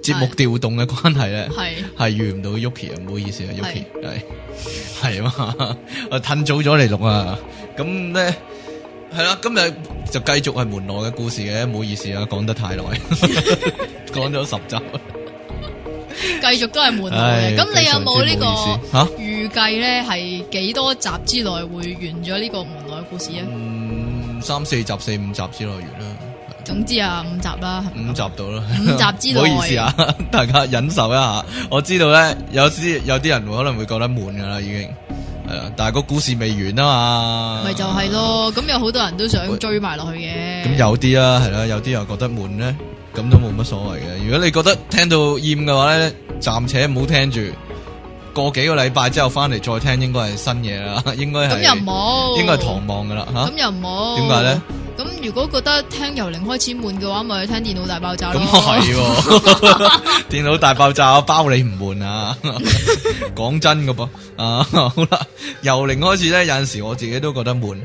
節目調動嘅關係咧，係係遇唔到 Yuki 啊，唔好意思啊，Yuki 係係啊嘛，我褪早咗嚟錄啊，咁咧係啦，今日就繼續係門內嘅故事嘅，唔好意思啊，講是、 啊啊啊、得太耐，講咗 十集，繼續都係門內嘅，咁唉你有冇呢個預計咧？係幾多集之內會完咗呢個門內嘅故事啊、嗯？三四集、四五集之內完啦。總之啊，五集啦，五集到啦，五集之內。唔好意思啊， 大家忍受一下。 我知道咧，有啲有啲人可能會覺得悶噶啦，已經係啊。但係個故事未完啊嘛，咪就係咯。咁有好多人都想追埋落去嘅。咁、啊、有啲啦、啊，係啦、啊，有啲又覺得悶咧，咁都冇乜所謂嘅。如果你覺得聽到厭嘅話咧，暫且唔好聽住。過幾個禮拜之後翻嚟再聽應該新，應該係新嘢啦。應該咁、啊、又冇，應該係唐望噶啦吓。咁又冇，點解咧？如果覺得聽由零開始悶嘅話，咪去聽電腦大爆炸咯。咁係，電腦大爆炸包你唔悶啊！講真㗎噃，啊好啦，由零開始咧，有陣時我自己都覺得悶。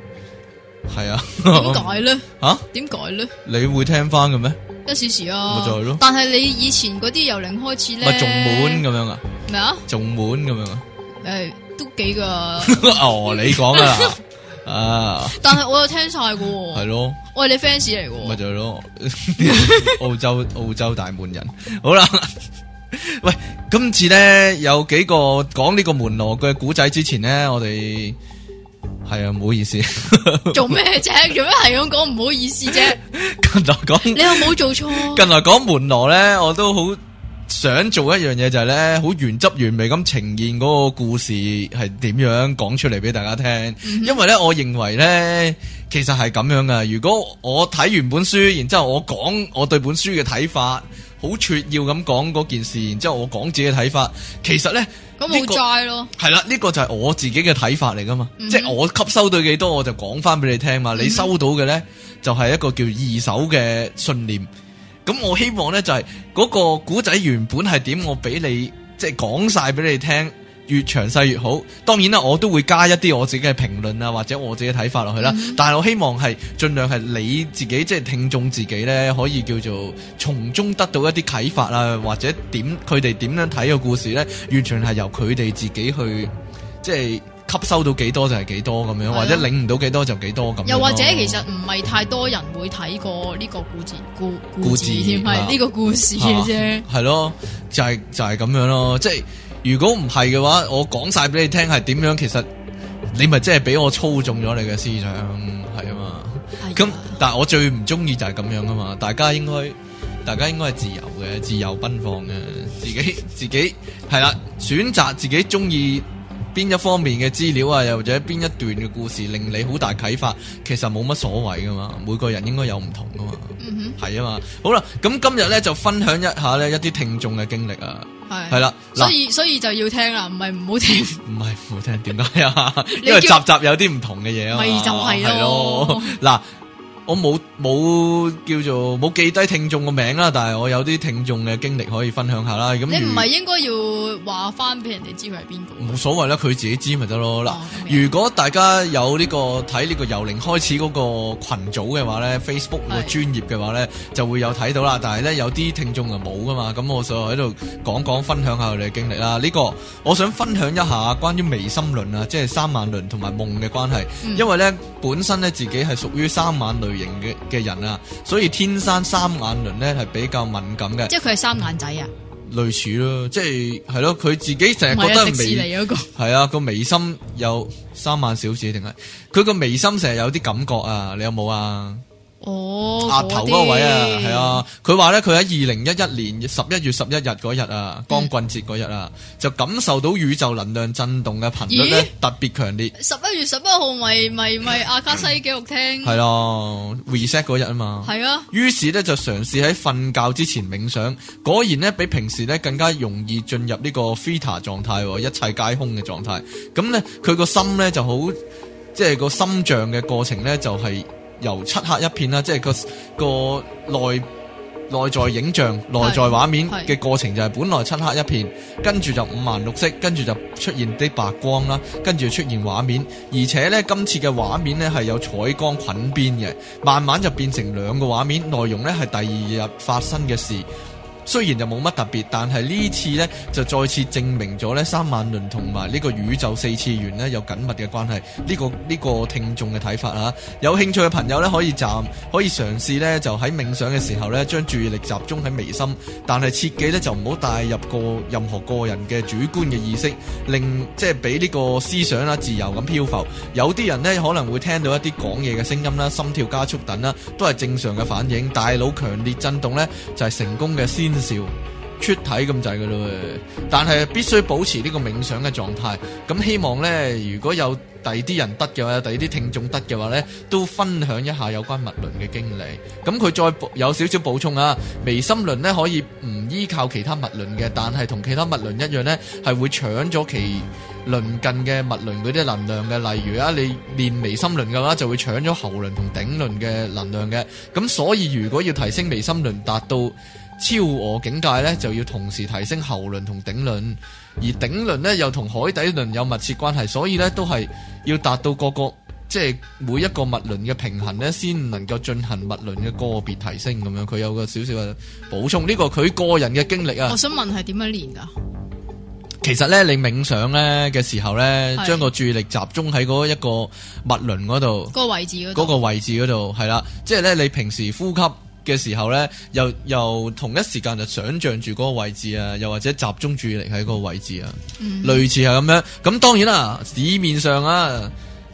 係啊，點解咧？吓，點解咧？你會聽翻嘅咩？一小時啊，咪就係咯。但係你以前嗰啲由零開始咧，咪仲悶咁樣啊？咩啊？仲悶咁樣啊？誒，都幾噶。哦，你講啊，啊！但係我有聽晒嘅。係咯。我係你 fans 嚟喎，咪就係咯。澳洲，澳洲大滿人。好啦，喂，今次咧，有幾個講呢個門羅嘅古仔之前咧，我哋係啊，唔好意思。做咩啫？做咩係咁講唔好意思啫？ 近來講講，你有冇做錯？近來講門羅咧，我都好。想做一樣嘢就係呢，好原汁原味咁呈現嗰個故事係點樣講出嚟俾大家聽。嗯、哼因為呢，我認為呢，其實係咁樣噶。如果我睇完本書，然之後我講我對本書嘅睇法，好撮要咁講嗰件事，然之後我講自己嘅睇法，其實咧、這個，咁冇齋咯。係啦，呢、這個就係我自己嘅睇法嚟噶嘛，嗯、哼即係我吸收到幾多，我就講翻俾你聽嘛。你收到嘅呢，就係一個叫二手嘅信念。咁我希望呢，就係、是、嗰個古仔原本係點，我俾你即係講晒俾你聽，越詳細越好。當然啦，我都會加一啲我自己嘅評論啊，或者我自己嘅睇法落去啦。嗯、但係我希望係盡量係你自己即係聽眾自己呢，可以叫做從中得到一啲啟發啊，或者點佢哋點樣睇個故事呢，完全係由佢哋自己去即係。吸收到幾多就係幾多咁樣，啊、或者領唔到幾多就幾多咁。又或者其實唔係太多人會睇過呢個故事故故事，係呢個故事嘅啫。係咯、啊啊啊，就係、係、就係、係、咁樣咯、啊。即係如果唔係嘅話，我講晒俾你聽係點樣。其實你咪即係俾我操縱咗你嘅思想係啊嘛。咁、啊、但係我最唔中意就係咁樣啊嘛。大家應該、嗯、大家應該係自由嘅，自由奔放嘅，自己自己係啦、啊，選擇自己中意，邊一方面嘅資料啊，又或者邊一段嘅故事令你好大啟發，其實冇乜所謂噶嘛，每個人應該有唔同噶嘛，嗯哼，係啊嘛。好啦，咁今日咧就分享一下呢一啲聽眾嘅經歷啊，係是啦，所以，啦所以所以就要聽啦，唔係唔好聽，唔係唔好聽，點解啊？因為集集有啲唔同嘅嘢啊嘛，係就係，係咯，嗱。我冇冇叫做冇記低聽眾個名啦，但係我有啲聽眾嘅經歷可以分享下啦。咁你唔係應該要話翻俾人哋知佢係邊個？冇所謂啦，佢自己知咪得咯。嗱、哦，如果大家有呢、這個睇呢、嗯、個由零開始嗰個群組嘅話咧、嗯、，Facebook 個專頁嘅話咧，是就會有睇到啦。但係咧有啲聽眾就冇噶嘛，咁我就喺度講講分享下佢哋嘅經歷啦。呢、這個我想分享一下關於微心論啊，即、就、係、是、三萬輪同埋夢嘅關係，嗯、因為咧本身咧自己係屬於三萬輪。型嘅嘅人啊，所以天生三眼輪咧係比較敏感嘅，即係佢係三眼仔啊，類似咯，即係係咯，佢自己成日覺得眉係啊個眉心、啊、有三眼小痣定係佢個眉心成日有啲感覺啊，你有冇啊？哦，額頭嗰位、嗯、啊，係啊，佢話咧，佢喺二零一一年十一月十一日嗰日啊，光棍節嗰日啊，嗯、就感受到宇宙能量震動嘅頻率咧特別強烈。十一、欸、月十一號咪咪咪阿卡西記錄聽，係咯、啊、reset 嗰日啊嘛。係啊，於是咧就嘗試喺瞓覺之前冥想，果然呢，比平時呢更加容易進入呢個 theta 狀態，一切皆空嘅狀態。咁呢，佢個心呢就好，即係個心臟嘅過程呢就係、是。就是由漆黑一片啦，即係個個內內在影像、內在畫面嘅過程就係本來漆黑一片，跟住就五顏六色，跟住就出現啲白光啦，跟住出現畫面，而且咧今次嘅畫面咧係有彩光滾邊嘅，慢慢就變成兩個畫面，內容咧係第二日發生嘅事。雖然就冇乜特別，但係呢次呢，就再次證明咗呢三萬輪同埋呢個宇宙四次元呢有緊密嘅關係。呢個呢個聽眾嘅睇法啊，有興趣嘅朋友呢可以嘗可以嘗試呢，就喺冥想嘅時候呢將注意力集中喺眉心，但係切記呢就唔好帶入過任何個人嘅主觀嘅意識，令即係俾呢個思想啦自由咁漂浮。有啲人呢可能會聽到一啲講嘢嘅聲音啦、心跳加速等啦，都係正常嘅反應。大腦強烈震動呢，就係成功嘅先。少出體咁滯噶咯，但係必須保持呢個冥想嘅狀態。咁希望呢，如果有第二啲人得嘅話，第二啲聽眾得嘅話呢都分享一下有關物輪嘅經歷。咁佢再有少少補充啊，微心輪呢可以唔依靠其他物輪嘅，但係同其他物輪一樣呢，係會搶咗其鄰近嘅物輪嗰啲能量嘅。例如啊，你練微心輪嘅話，就會搶咗喉輪同頂輪嘅能量嘅。咁所以如果要提升微心輪達到超我境界呢，就要同時提升喉輪同頂輪，而頂輪呢，又同海底輪有密切關係，所以呢，都係要達到各個即係每一個物輪嘅平衡呢，先能夠進行物輪嘅個別提升咁樣。佢有個少少嘅補充，呢個佢個人嘅經歷啊。我想問係點樣練㗎？其實呢，你冥想呢嘅時候呢，將是個注意力集中喺嗰一個物輪嗰度，個位置嗰度，個位置嗰度係啦，即係呢，你平時呼吸，嘅時候呢，又又同一時間就想像住嗰個位置啊，又或者集中注意力喺嗰個位置啊，嗯、類似係咁樣。咁當然啦、啊，市面上啊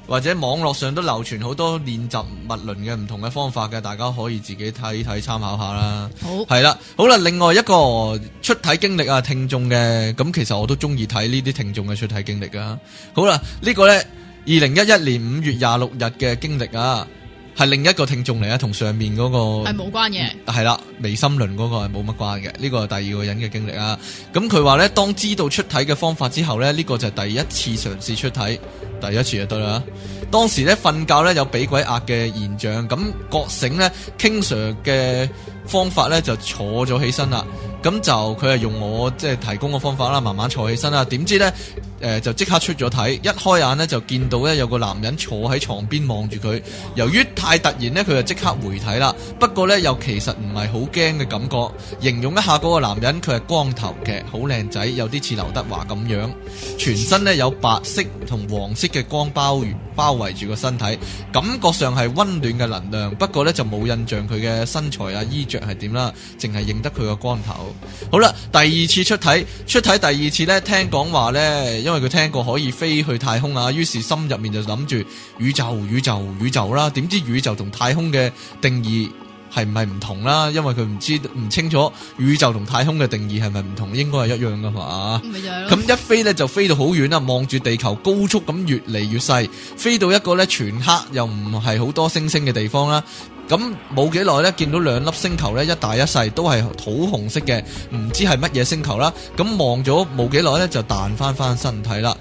或者網絡上都流傳好多練習物輪嘅唔同嘅方法嘅、啊，大家可以自己睇睇參考下啦、啊。好，係啦，好啦，另外一個出體經歷啊，聽眾嘅，咁其實我都中意睇呢啲聽眾嘅出體經歷啊。好啦，呢、呢個呢，二零一一年五月廿六日嘅經歷啊。係另一個聽眾嚟啊，同上面嗰、那個係冇關嘅，係啦、嗯，微心輪嗰個係冇乜關嘅，呢、這個係第二個人嘅經歷啊。咁佢話呢，當知道出體嘅方法之後呢，呢、這個就係第一次嘗試出體，第一次就得啦。當時呢，瞓覺呢有俾鬼壓嘅現象，咁覺醒呢，通常嘅方法呢就坐咗起身啦。咁就佢係用我即係提供嘅方法啦，慢慢坐起身啦。點知咧，誒、呃、就即刻出咗體，一開眼咧就見到咧有個男人坐喺床邊望住佢。由於太突然咧，佢就即刻回體啦。不過咧又其實唔係好驚嘅感覺。形容一下個男人，佢係光頭嘅，好靚仔，有啲似劉德華咁樣。全身咧有白色同黃色嘅光包圍包圍住個身體，感覺上係溫暖嘅能量。不過咧就冇印象佢嘅身材啊衣着係點啦，淨係認得佢個光頭。好啦，第二次出體出體，第二次呢，聽講話呢，因為佢聽過可以飛去太空啊，於是心入面就諗住宇宙宇宙宇宙啦，點知宇宙同太空嘅定義係唔係唔同啦？因為佢唔知唔清楚宇宙同太空嘅定義係咪唔同，應該係一樣噶嘛。咁、嗯、一飛呢，就飛到好遠啦，望住地球高速咁越嚟越細，飛到一個呢全黑又唔係好多星星嘅地方啦。咁冇幾耐咧，見到兩粒星球咧，一大一細，都係土紅色嘅，唔知係乜嘢星球啦。咁望咗冇幾耐咧，就彈翻翻身體啦。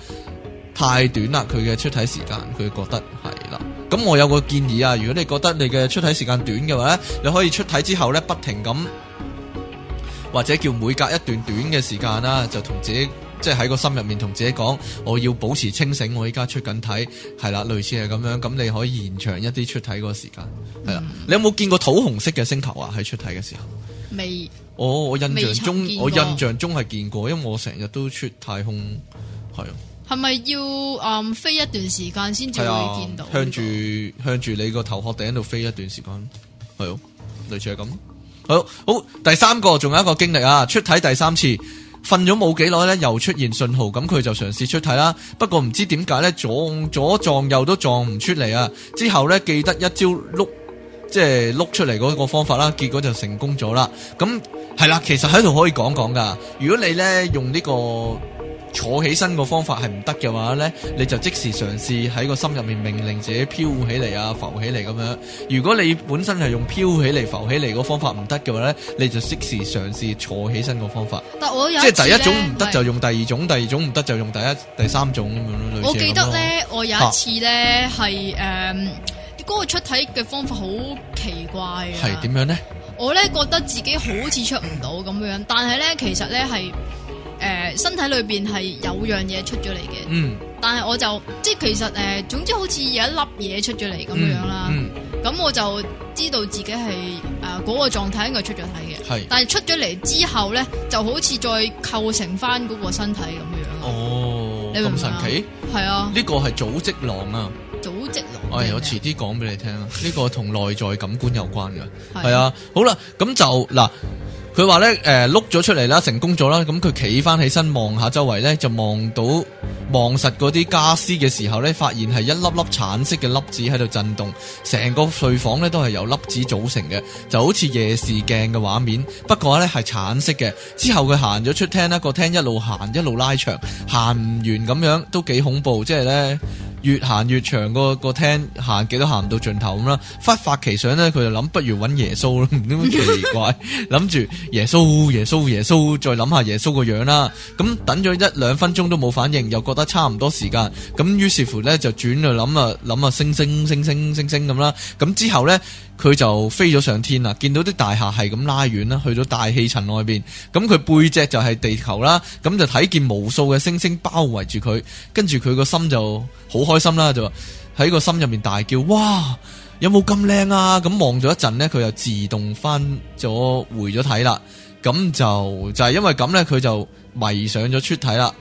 太短啦，佢嘅出體時間，佢覺得係啦。咁我有個建議啊，如果你覺得你嘅出體時間短嘅話咧，你可以出體之後咧，不停咁或者叫每隔一段短嘅時間啦，就同自己。即係喺個心入面同自己講，我要保持清醒。我依家出緊體，係啦，類似係咁樣。咁你可以延長一啲出體嗰個時間。係啊，嗯、你有冇見過土紅色嘅星球啊？喺出體嘅時候？未沒、哦？我印象中，我印象中係見過，因為我成日都出太空，係咯。係咪要誒、呃、飛一段時間先至會見到那個啊？向住向住你個頭殼頂度飛一段時間，係咯，類似係咁。好好，第三個仲有一個經歷啊，出體第三次。瞓咗冇幾耐咧，又出現信號，咁佢就嘗試出體啦。不過唔知點解咧，左左撞右都撞唔出嚟啊！之後咧記得一招碌，即係碌出嚟嗰個方法啦，結果就成功咗啦。咁係啦，其實喺度可以講講噶，如果你咧用呢、這個。坐起身個方法係唔得嘅話呢，你就即時嘗試喺個心入面命令自己飄起嚟啊，浮起嚟咁樣。如果你本身係用飄起嚟浮起嚟個方法唔得嘅話呢，你就即時嘗試坐起身個方法。但我有，即係第一種唔得就用第二種，是第二種唔得就用第一、第三種咁樣。我記得呢，我有一次呢係誒，嗰個出體嘅方法好奇怪啊。係點樣呢？我呢覺得自己好似出唔到咁樣，但係呢，其實呢係。誒，身體裏邊係有樣嘢出咗嚟嘅，但係我就即係其實誒，總之好似有一粒嘢出咗嚟咁樣啦，咁我就知道自己係誒嗰個狀態應該出咗嚟嘅，但係出咗嚟之後咧，就好似再構成翻嗰個身體咁樣呢哦，咁神奇，係啊，呢個係組織囊啊，組織囊。我遲啲講俾你聽啊，呢個同內在感官有關嘅，係啊。好啦，咁就嗱。佢話咧，誒碌咗出嚟啦，成功咗啦。咁佢企翻起身望下周圍呢，就望到望實嗰啲家私嘅時候呢，發現係一粒粒橙色嘅粒子喺度震動，成個睡房呢都係由粒子組成嘅，就好似夜視鏡嘅畫面，不過呢係橙色嘅。之後佢行咗出廳呢，個廳一路行一路拉長，行唔完咁樣都幾恐怖，即係呢。越行越長個個廳，行幾都行唔到盡頭咁啦。忽發奇想咧，佢就諗不如揾耶穌咯，咁奇怪諗住 耶穌耶穌耶穌，再諗下耶穌個樣啦。咁等咗一兩分鐘都冇反應，又覺得差唔多時間，咁於是乎呢，就轉去諗啦，諗啊星星星星星星咁啦。咁之後呢。佢就飛咗上天啦，見到啲大廈係咁拉遠啦，去咗大氣層外邊，咁佢背脊就係地球啦，咁就睇見無數嘅星星包圍住佢，跟住佢個心就好開心啦，就話喺個心入面大叫：「哇，有冇咁靚啊？咁望咗一陣呢，佢又自動翻咗回咗睇啦，咁就就係、是、因為咁呢，佢就迷上咗出體啦。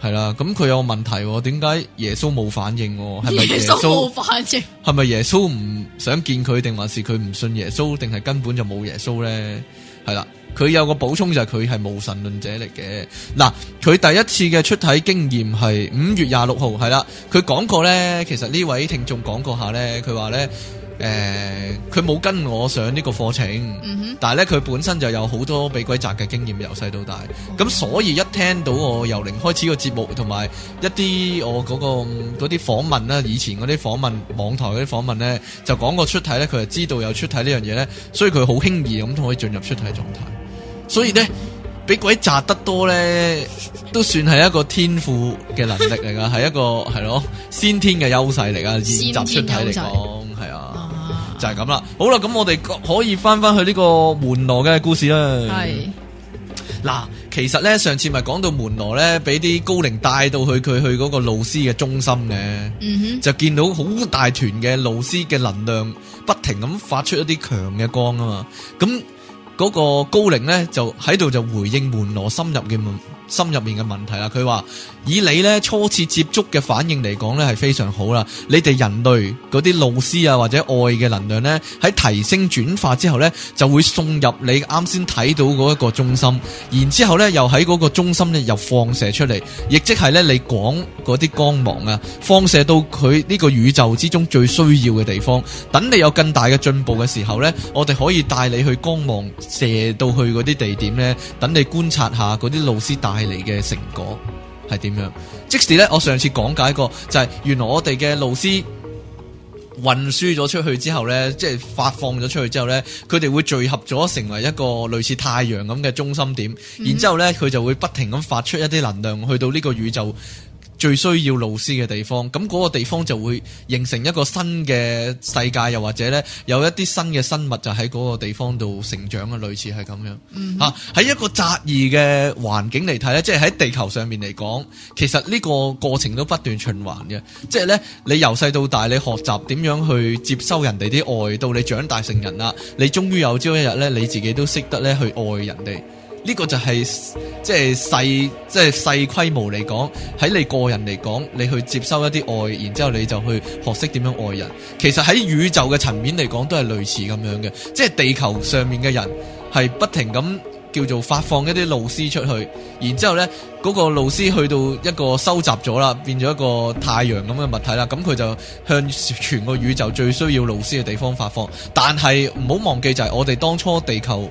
係啦，咁佢有個問題，哦，點解耶穌冇反應？係咪耶穌冇反應？係咪耶穌唔想見佢，定還是佢唔信耶穌，定係根本就冇耶穌咧？係啦，佢有個補充就係佢係無神論者嚟嘅。嗱，佢第一次嘅出體經驗係五月廿六號，係啦。佢講過咧，其實呢位聽眾講過下咧，佢話咧。誒，佢冇、欸、跟我上呢個課程，嗯、哼但係咧佢本身就有好多俾鬼砸嘅經驗，由細到大，咁、嗯、哼所以一聽到我由零開始個節目，同埋一啲我嗰、嗰個嗰啲訪問啦，以前嗰啲訪問網台嗰啲訪問咧，就講個出體咧，佢就知道有出體呢樣嘢咧，所以佢好輕易咁可以進入出體狀態。所以呢，俾、嗯、鬼砸得多咧，都算係一個天賦嘅能力嚟㗎，係 一個係咯先天嘅優勢嚟㗎，練習出體嚟講係啊。就係咁啦，好啦，咁我哋可以翻翻去呢個門羅嘅故事啦。係是，嗱，其實咧上次咪講到門羅咧，俾啲高靈帶到去佢去嗰個老師嘅中心嘅，嗯、哼就見到好大團嘅老師嘅能量，不停咁發出一啲強嘅光啊嘛，咁嗰個高靈咧就喺度就回應門羅心入嘅心入面嘅問題啦，佢話。以你咧初次接觸嘅反應嚟講咧，係非常好啦。你哋人類嗰啲老師啊，或者愛嘅能量咧，喺提升轉化之後咧，就會送入你啱先睇到嗰一個中心，然之後咧又喺嗰個中心咧又放射出嚟，亦即係咧你講嗰啲光芒啊，放射到佢呢個宇宙之中最需要嘅地方。等你有更大嘅進步嘅時候咧，我哋可以帶你去光芒射到去嗰啲地點咧，等你觀察下嗰啲老師帶嚟嘅成果。係點樣？即使咧，我上次講解過，就係、是、原來我哋嘅老師運輸咗出去之後呢，即係發放咗出去之後呢，佢哋會聚合咗成為一個類似太陽咁嘅中心點，然之後咧，佢就會不停咁發出一啲能量去到呢個宇宙，最需要老師嘅地方，咁嗰個地方就會形成一個新嘅世界，又或者咧，有一啲新嘅生物就喺嗰個地方度成長嘅，類似係咁樣嚇，喺、嗯哼啊、一個雜異嘅環境嚟睇咧，即係喺地球上面嚟講，其實呢個過程都不斷循環嘅。即係咧，你由細到大，你學習點樣去接收人哋啲愛到你長大成人啦，你終於有朝一日咧，你自己都識得咧去愛人哋。呢個就係即係細即係細規模嚟講，喺你個人嚟講，你去接收一啲愛，然之後你就去學識點樣愛人。其實喺宇宙嘅層面嚟講，都係類似咁樣嘅。即係地球上面嘅人係不停咁叫做發放一啲露絲出去，然之後咧嗰個露絲去到一個收集咗啦，變咗一個太陽咁嘅物體啦。咁佢就向全個宇宙最需要露絲嘅地方發放。但係唔好忘記就係我哋當初地球。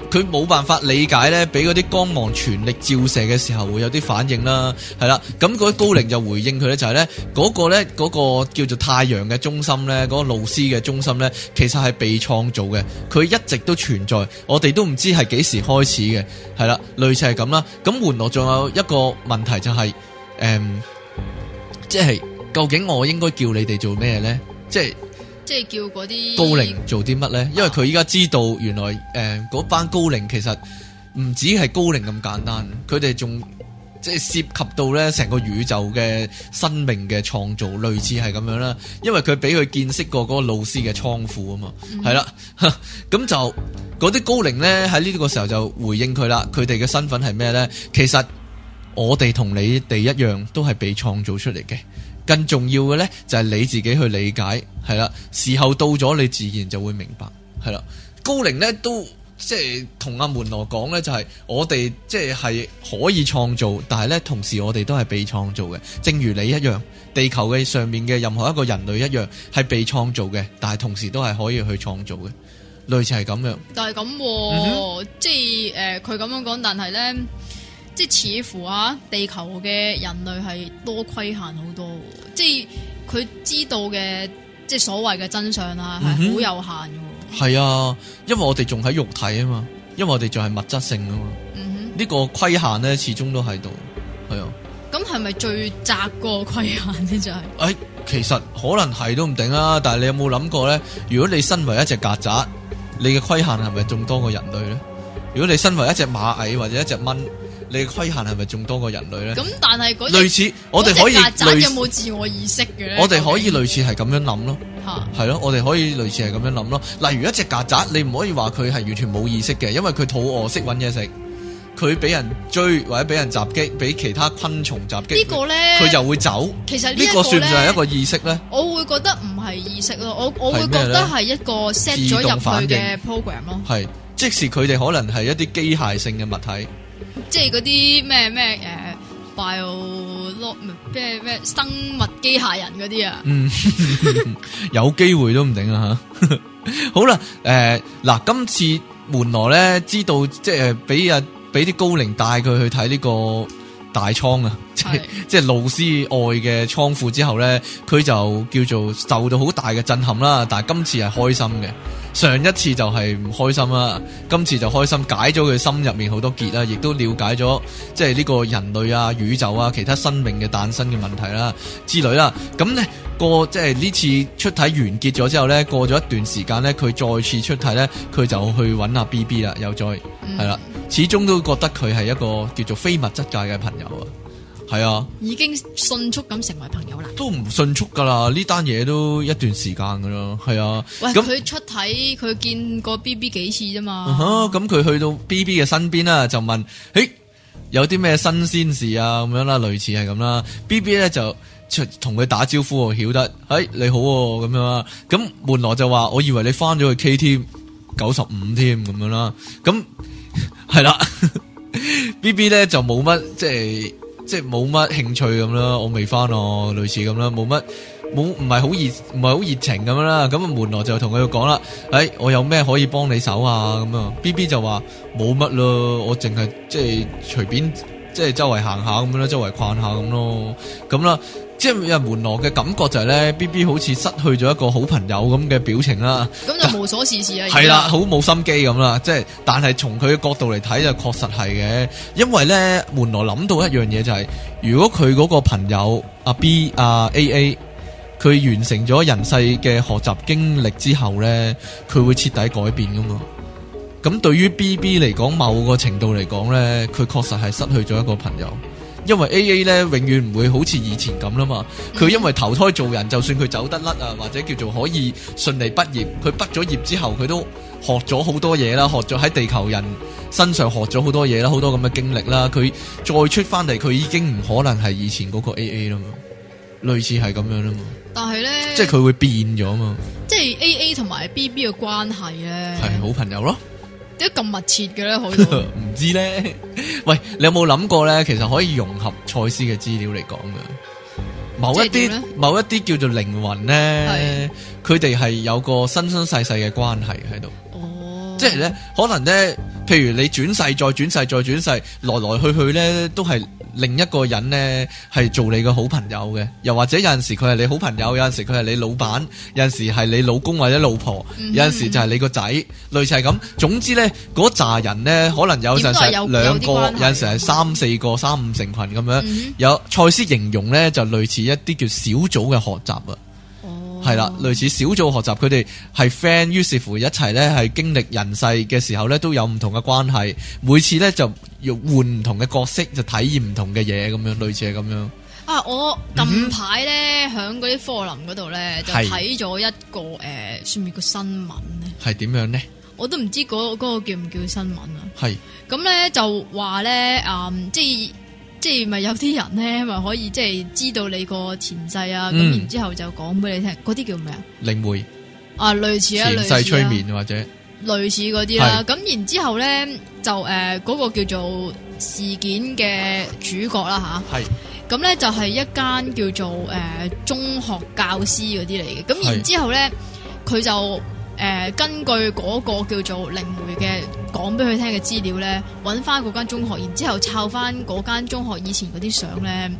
佢冇辦法理解呢，俾嗰啲光芒全力照射嘅時候，會有啲反應啦，係啦。咁嗰啲高靈就回應佢呢就係呢嗰個呢，嗰個叫做太陽嘅中心呢，嗰個露絲嘅中心呢，其實係被創造嘅，佢一直都存在，我哋都唔知係幾時開始嘅，係啦，類似係咁啦。咁換落仲有一個問題就係，誒，即係究竟我應該叫你哋做咩呢？即係。即係叫啲高靈做啲乜呢？因為佢依家知道，原來誒嗰、呃、班高靈其實唔止係高靈咁簡單，佢哋仲，即係涉及到呢成個宇宙嘅生命嘅創造，類似係咁樣啦。因為佢俾佢見識過嗰個老師嘅倉庫啊嘛，係啦、嗯，咁就嗰啲高靈呢，喺呢個時候就回應佢啦。佢哋嘅身份係咩呢？其實我哋同你哋一樣，都係被創造出嚟嘅。更重要嘅呢，就係、是、你自己去理解，係啦。時候到咗，你自然就會明白，係啦。高靈呢都即係同阿門羅講呢，就係、是、我哋即係可以創造，但係呢，同時我哋都係被創造嘅。正如你一樣，地球嘅上面嘅任何一個人類一樣，係被創造嘅，但係同時都係可以去創造嘅，類似係咁樣。但係咁、哦，嗯、哼即係呃，佢咁樣講，但係呢。即係似乎啊，地球嘅人類係多規限好多，即係佢知道嘅，即係所謂嘅真相啊，係好有限嘅。係、嗯、啊，因為我哋仲喺肉體啊嘛，因為我哋仲係物質性啊嘛。嗯、哼，個呢個規限咧，始終都喺度，係啊。咁係咪最窄個規限咧？就係誒，其實可能係都唔定啊。但係你有冇諗過咧？如果你身為一隻曱甴，你嘅規限係咪仲多過人類咧？如果你身為一隻螞蟻或者一隻蚊？你嘅規限係咪仲多過人類咧？咁但係嗰隻類似我哋可以，曱甴有冇自我意識嘅？我哋可以類似係咁樣諗咯，係咯、啊，我哋可以類似係咁樣諗咯。例如一隻曱甴，你唔可以話佢係完全冇意識嘅，因為佢肚餓識揾嘢食，佢俾人追或者俾人襲擊，俾其他昆蟲襲擊，個呢個咧佢就會走。其實個呢個算唔算係一個意識咧？我會覺得唔係意識咯，我我會覺得係一個 set 咗入去嘅 program 咯。係，即使佢哋可能係一啲機械性嘅物體。即係嗰啲咩咩，誒，bio l o g 咩咩生物機械人嗰啲 啊，嗯，有機會都唔定啊吓，好啦，誒、呃，嗱，今次門羅咧知道即係俾、呃、啊俾啲高靈帶佢去睇呢、這個。大倉啊，即係是即係老師外嘅倉庫，之後呢，佢就叫做受到好大嘅震撼啦。但係今次係開心嘅，上一次就係唔開心啦，今次就開心，解咗佢心入面好多結啦，亦都了解咗即係呢個人類啊、宇宙啊、其他生命嘅誕生嘅問題啦之類啦。咁呢，過即係呢次出體完結咗之後呢，過咗一段時間呢，佢再次出體呢，佢就去揾阿 B B 啦，又再係、嗯、啦。始終都覺得佢係一個叫做非物質界嘅朋友啊，係啊，已經迅速咁成為朋友啦，都唔迅速噶啦，呢單嘢，都一段時間噶咯，係啊。喂，佢那出體佢見過 B B 幾次啫嘛，咁佢、嗯、去到 B B 嘅身邊啦，就問，誒、欸，有啲咩新鮮事啊咁樣啦，類似係咁啦。B B 咧就出同佢打招呼，曉得，誒、哎，你好咁、啊、樣啦，咁門羅就話，我以為你翻咗去 K T 九十五添咁樣啦，咁。係啦，B B 咧就冇乜即係即係冇乜興趣咁啦，我未翻咯，類似咁啦，冇乜冇唔係好熱唔係好熱情咁啦，咁啊門羅就同佢講啦，哎，我有咩可以幫你手啊咁啊，B B 就話冇乜咯，我淨係即係隨便即係周圍行下咁啦，周圍逛下咁咯，咁啦。即係有人門羅嘅感覺就係、是、咧，B B 好似失去咗一個好朋友咁嘅表情啦，咁就無所事事啦、啊，係啦，好冇心機咁啦。即係，但係從佢嘅角度嚟睇就確實係嘅，因為咧門羅諗到一樣嘢就係、是，如果佢嗰個朋友阿 B 阿 A A，佢完成咗人世嘅學習經歷之後咧，佢會徹底改變噶嘛。咁對於 B B 嚟講，某個程度嚟講咧，佢確實係失去咗一個朋友。因為 A A 咧永遠唔會好似以前咁啦嘛，佢、嗯、因為投胎做人，就算佢走得甩啊，或者叫做可以順利畢業，佢畢咗業之後佢都學咗好多嘢啦，學咗喺地球人身上學咗好多嘢啦，好多咁嘅經歷啦，佢再出翻嚟佢已經唔可能係以前嗰個 A A 啦嘛，類似係咁樣啦嘛，但係咧即係佢會變咗嘛，即係 A A 同埋 B B 嘅關係咧係好朋友咯。都咁密切嘅咧，可唔 知咧？喂，你有冇諗過咧？其實可以融合賽斯嘅資料嚟講嘅，某一啲某一啲叫做靈魂咧，佢哋係有個生生世世嘅關係喺度。哦，即係咧，可能咧，譬如你轉世再轉世再轉世，來來去去咧都係。另一個人呢係做你個好朋友嘅，又或者有陣時佢係你好朋友，有陣時佢係你老闆，有陣時係你老公或者老婆，嗯、哼有陣時就係你個仔，類似係咁。總之呢，嗰扎人呢，可能有陣時兩個，有陣時係三四個、三五成群咁樣。嗯、哼有賽斯形容呢，就類似一啲叫小組嘅學習啊。係啦，類似小組學習，佢哋係 friend，於是乎一齊咧，係經歷人世嘅時候咧，都有唔同嘅關係。每次咧就要換唔同嘅角色，就體驗唔同嘅嘢咁樣，類似係咁樣。啊，我近排咧響嗰啲 forum 嗰度咧就睇咗一個誒，算唔算個新聞咧？係點樣咧？我都唔知嗰嗰個叫唔叫新聞啊？係咁咧就話咧，嗯、呃，即係。即係咪有啲人咧，咪可以即係知道你個前世啊？咁、嗯、然之後就講俾你聽，嗰啲叫咩啊？靈媒迴啊，類似啊，類似催眠或者類似嗰啲啦。咁、啊、是然之後咧，就誒嗰、呃那個叫做事件嘅主角啦吓。係咁咧就係一間叫做誒、呃、中學教師嗰啲嚟嘅。咁然之後咧，佢是就。呃、根據個叫做靈媒嘅講俾佢聽嘅資料咧，揾翻間中學，然之後抄翻間中學以前啲相咧，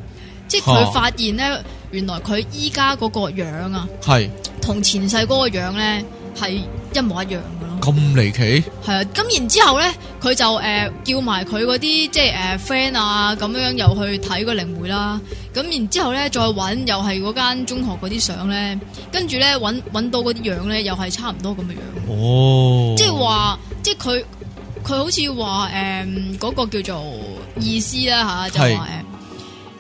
即係佢發現咧，啊、原來佢依家個樣啊，係同是前世個樣樣咧，係一模一樣。咁離奇係啊！咁然之後咧，佢就誒叫埋佢嗰啲即係誒 friend 啊，咁樣又去睇個靈媒啦。咁然之後咧，再揾又係嗰間中學嗰啲相咧，跟住咧揾揾到嗰啲樣咧，又係差唔多咁嘅樣。哦，即係話，即係佢佢好似話誒嗰個叫做意思啦、啊、吓，是就話誒。呃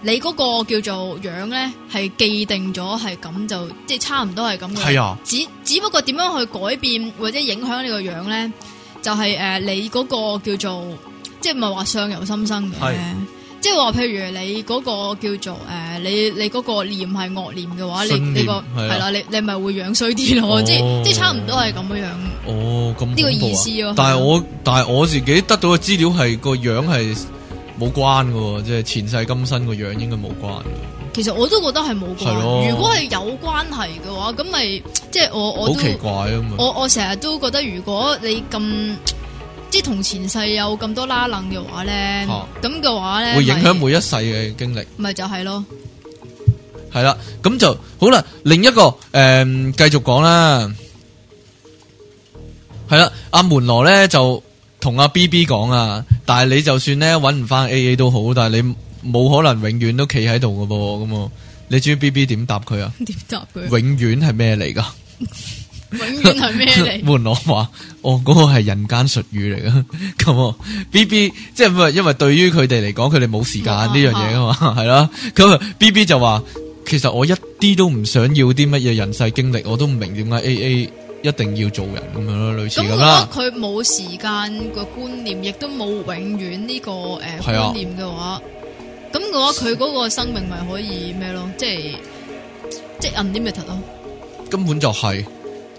你嗰個叫做樣咧，係既定咗係咁就，即係差唔多係咁嘅。係啊，只只不過點樣去改變或者影響你個樣咧，就係誒你嗰個叫做，即係唔係話相由心生嘅。係，即係話譬如你嗰個叫做誒你你嗰個念係惡念嘅話，你你個係啦，你你咪會樣衰啲咯。即係即係差唔多係咁嘅樣。哦，咁呢個意思咯。但係我但係我自己得到嘅資料係個樣係。冇關嘅，即係前世今生個樣應該冇關。其實我都覺得係冇關。如果係有關係嘅話，咁咪即係我我好奇怪啊嘛！我我成日都覺得，如果你咁即係同前世有咁多拉冷嘅話咧，咁嘅、啊、話咧，會影響每一世嘅經歷。咪就係咯，係啦，咁就好啦。另一個誒，繼、呃、續講啦，係啦，阿門羅咧就同阿 B B 講啊。但係你就算咧揾，唔翻 A A 都好，但係你冇可能永遠都企喺度噶噃，咁你中意 B B 點答佢啊？點答佢？永遠係咩嚟噶？永遠係咩嚟？換我話哦，嗰、那個係人間術語嚟噶，咁 B B 即係因為因為對於佢哋嚟講，佢哋冇時間呢、啊、樣嘢啊嘛，係啦、啊，咁 B B 就話其實我一啲都唔想要啲乜嘢人世經歷，我都唔明點解 A A。一定要做人咁樣咯，類似咁啦。如果佢冇時間嘅觀念，亦都冇永遠呢個誒觀念嘅話，咁嘅話佢嗰個生命咪可以咩咯？即係即係 unlimit 咯。根本就係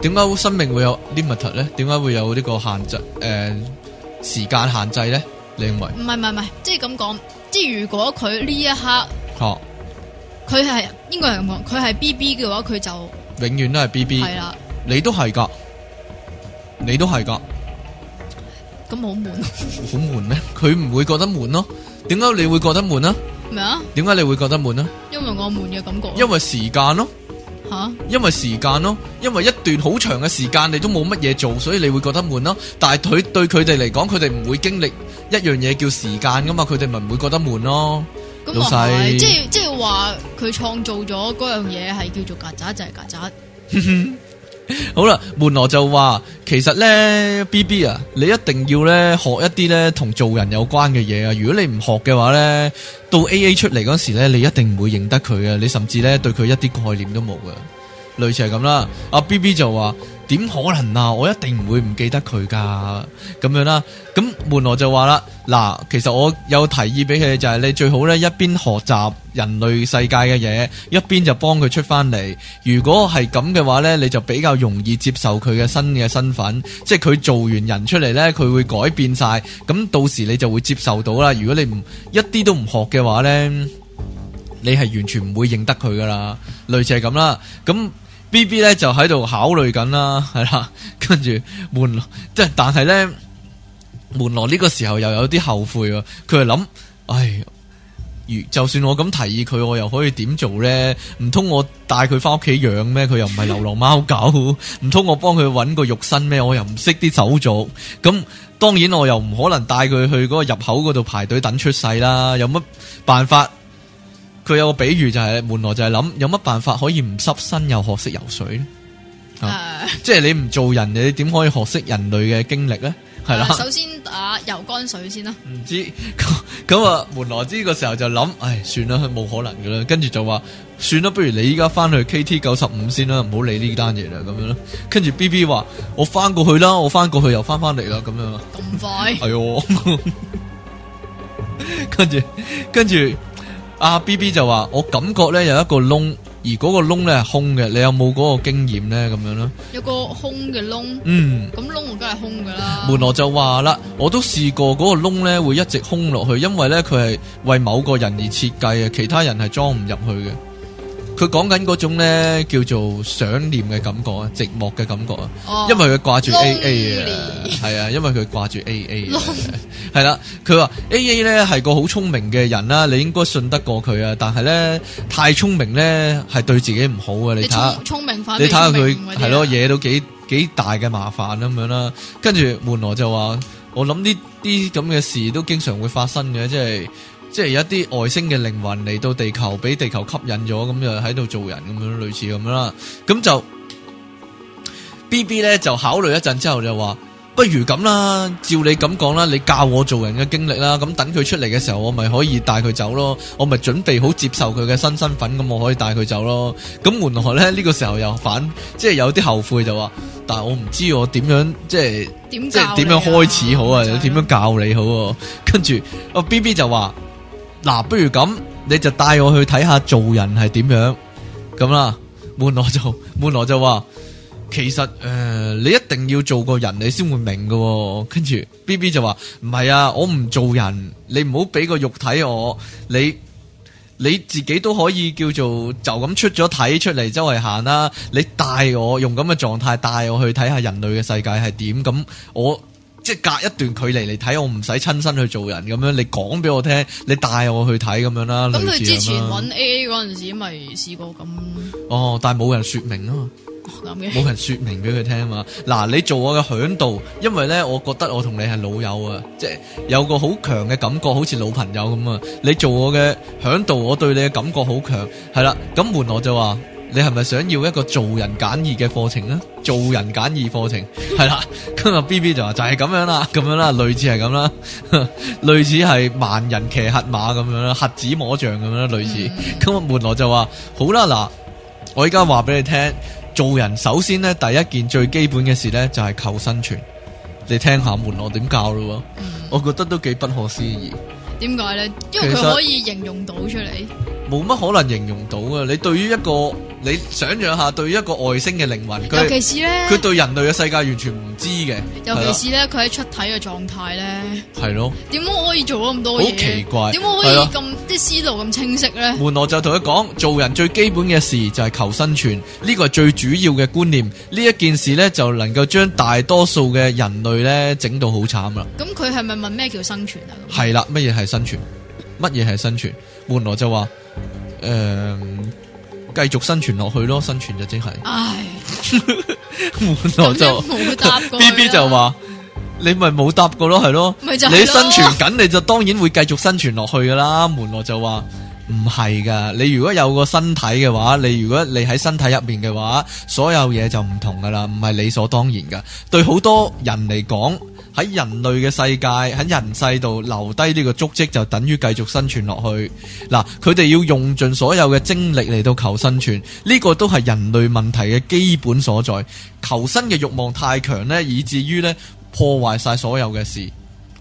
點解生命會有 limit 咧？點解會有呢個限制？誒、呃，時間限制咧？你認為？唔係唔係唔係，即係咁講，即係如果佢呢一刻，佢係、哦、應該係咁講，佢係 B B 嘅話，佢就永遠都係 B B。係啦、啊。你都係噶，你都係噶，咁好悶，好悶咩？佢唔會覺得悶咯？點解你會覺得悶啊？咩啊麼？點解你會覺得悶啊？因為我悶嘅感覺。因為時間咯，吓、啊？因為時間咯，因為一段好長嘅時間，你都冇乜嘢做，所以你會覺得悶咯。但係佢對佢哋嚟講，佢哋唔會經歷一樣嘢叫時間噶嘛，佢哋咪唔會覺得悶咯？老細闆，即係即係話佢創造咗嗰樣嘢係叫做曱甴，就係曱甴。 好啦，門羅就話，其實咧，B B 啊，你一定要咧學一啲咧同做人有關嘅嘢啊。如果你唔學嘅話咧，到 A A 出嚟嗰時咧，你一定唔會認得佢啊。你甚至咧對佢一啲概念都冇啊。類似係咁啦，阿 B B 就話。點可能啊？我一定唔會唔記得佢噶咁樣啦。咁門羅就話啦：，嗱，其實我有提議俾佢、就係，就係你最好呢一邊學習人類世界嘅嘢，一邊就幫佢出翻嚟。如果係咁嘅話呢，你就比較容易接受佢嘅新嘅身份。即係佢做完人出嚟呢，佢會改變晒。咁到時你就會接受到啦。如果你唔一啲都唔學嘅話呢，你係完全唔會認得佢噶啦。類似係咁啦。咁。B B 咧就喺度考慮緊啦，係啦，跟住門羅即係，但係咧門羅呢個時候又有啲後悔，佢係諗，唉，如就算我咁提議佢，我又可以點做咧？唔通我帶佢翻屋企養咩？佢又唔係流浪貓狗，唔通我幫佢搵個肉身咩？我又唔識啲手續，咁當然我又唔可能帶佢去嗰個入口嗰度排隊等出世啦，有乜辦法？佢有個比喻就係、是、門羅就係諗有乜辦法可以唔濕身又學識游水咧、uh, 啊？即係你唔做人，你點可以學識人類嘅經歷咧？係啦，uh, 首先打游乾水先啦。唔知咁啊、嗯？門羅知個時候就諗，唉，算啦，冇可能噶啦。跟住就話，算啦，不如你依家翻去 K T 九十五先啦，唔好理呢單嘢啦，咁樣咯。跟住 B B 話，我翻過去啦，我翻過去又翻翻嚟啦，咁樣。咁快？係喎！ 哎呦！跟住跟住。阿、啊、B B 就話：我感覺咧有一個窿，而嗰個窿咧係空嘅，你有冇嗰個經驗咧？咁樣咯，有個空嘅窿，嗯，咁窿我梗係空噶啦。門羅就話啦，我都試過嗰個窿咧會一直空落去，因為咧佢係為某個人而設計嘅，其他人係裝唔入去嘅。佢講緊嗰種咧叫做想念嘅感覺啊，寂寞嘅感覺啊，因為佢掛住 A A 啊，係啊，因為佢掛住 A A。係啦，佢話 A A 咧係個好聰明嘅人啦，你應該信得過佢啊，但係咧太聰明咧係對自己唔好啊。你睇下聰明反你睇下佢係咯，惹到幾幾大嘅麻煩咁樣啦。跟住門羅就話：我諗呢啲咁嘅事都經常會發生嘅，即係。即係一啲外星嘅靈魂嚟到地球，俾地球吸引咗，咁就喺度做人咁樣，類似咁樣啦。咁就 B B 咧就考慮一陣之後就話，不如咁啦，照你咁講啦，你教我做人嘅經歷啦。咁等佢出嚟嘅時候，我咪可以帶佢走咯。我咪準備好接受佢嘅新身份，咁我可以帶佢走咯。咁門羅咧呢個時候又反，即係有啲後悔就話，但係我唔知我點樣即係點即係點樣開始好啊？點樣教你啊？點樣教你好啊？跟住 B B 就話。嗱、啊，不如咁，你就帶我去睇下做人係點樣咁啦。門羅就門羅就話，其實誒、呃，你一定要做個人，你先會明嘅、哦。跟住 B B 就話，唔係啊，我唔做人，你唔好俾個肉體我，你你自己都可以叫做就咁出咗體出嚟周圍行啦。你帶我用咁嘅狀態帶我去睇下人類嘅世界係點咁，我。即係隔一段距離嚟睇，我唔使親身去做人咁樣，你講俾我聽，你帶我去睇咁樣啦。咁佢、嗯、之前揾 A A 嗰陣時，咪試過咁。哦，但係冇人説明啊嘛。冇 人説明俾佢聽啊嘛。嗱，你做我嘅嚮導，因為咧，我覺得我同你係老友啊，即係有個好強嘅感覺，好似老朋友咁啊。你做我嘅嚮導，我對你嘅感覺好強。係啦，咁換我就話。你係咪想要一個做人簡易嘅課程啊？做人簡易課程係啦，今日 B B 就話就係咁樣啦，咁樣啦，類似係咁啦，類似係盲人騎黑馬咁樣啦，瞎子摸象咁樣啦，類似。咁啊、mm hmm. 門羅就話好啦，嗱，我而家話俾你聽，做人首先呢，第一件最基本嘅事呢，就係、是、求生存。你聽下門羅點教咯，我覺得都幾不可思議。點解咧？因為佢可以形容到出嚟，冇乜可能形容到啊！你對於一個你想象下，對於一個外星嘅靈魂，是尤其是咧，佢對人類嘅世界完全唔知嘅，尤其是咧，佢喺的出體嘅狀態咧，係咯的？點解可以做咗咁多嘢？好奇怪，點解可以咁啲的思路咁清晰咧？門羅就同佢講，做人最基本嘅事就係求生存，呢個係最主要嘅觀念。呢一件事咧，就能夠將大多數嘅人類咧整到好慘啦。咁佢係咪問咩叫生存啊？係啦，乜嘢係？生存乜嘢係生存？門羅就話：誒、呃，繼續生存落去咯，生存就即、是、係。唉，門羅 就 B B 就話：你咪冇答過咯，係咯？咪就係咯。你生存緊，你就當然會繼續生存落去噶啦。門羅就話：唔係噶，你如果有個身體嘅話，你如果你喺身體入面嘅話，所有嘢就唔同噶啦，唔係理所當然噶。對好多人嚟講。喺人類嘅世界，喺人世度留低呢個足迹，就等於繼續生存落去。嗱，佢哋要用盡所有嘅精力嚟到求生存，呢、呢個都係人類問題嘅基本所在。求生嘅欲望太強呢，以至於呢破壞晒所有嘅事。嗯、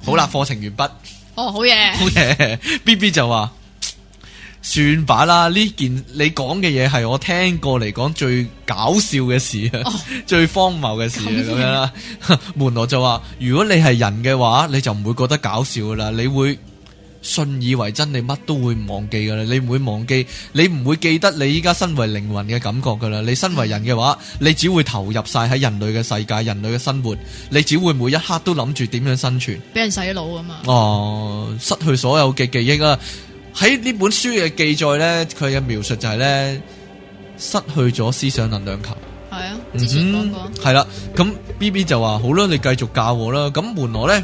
好啦，課程完畢。哦，好嘢，好嘢。BB 就話。算吧啦，呢件你講嘅嘢係我聽過嚟講最搞笑嘅事，哦、最荒謬嘅事咁樣啦。門羅 就話：如果你係人嘅話，你就唔會覺得搞笑噶啦，你會信以為真，你乜都會唔忘記噶啦，你唔會忘記，你唔會記得你依家身為靈魂嘅感覺噶啦。你身為人嘅話，你只會投入晒喺人類嘅世界、人類嘅生活，你只會每一刻都諗住點樣生存。俾人洗腦啊嘛！哦，失去所有嘅記憶啊！喺呢本書嘅記載呢，佢嘅描述就係呢：「失去咗思想能量球。係啊，之前係啦。咁 B B 就話好啦，你繼續教我啦。咁門羅呢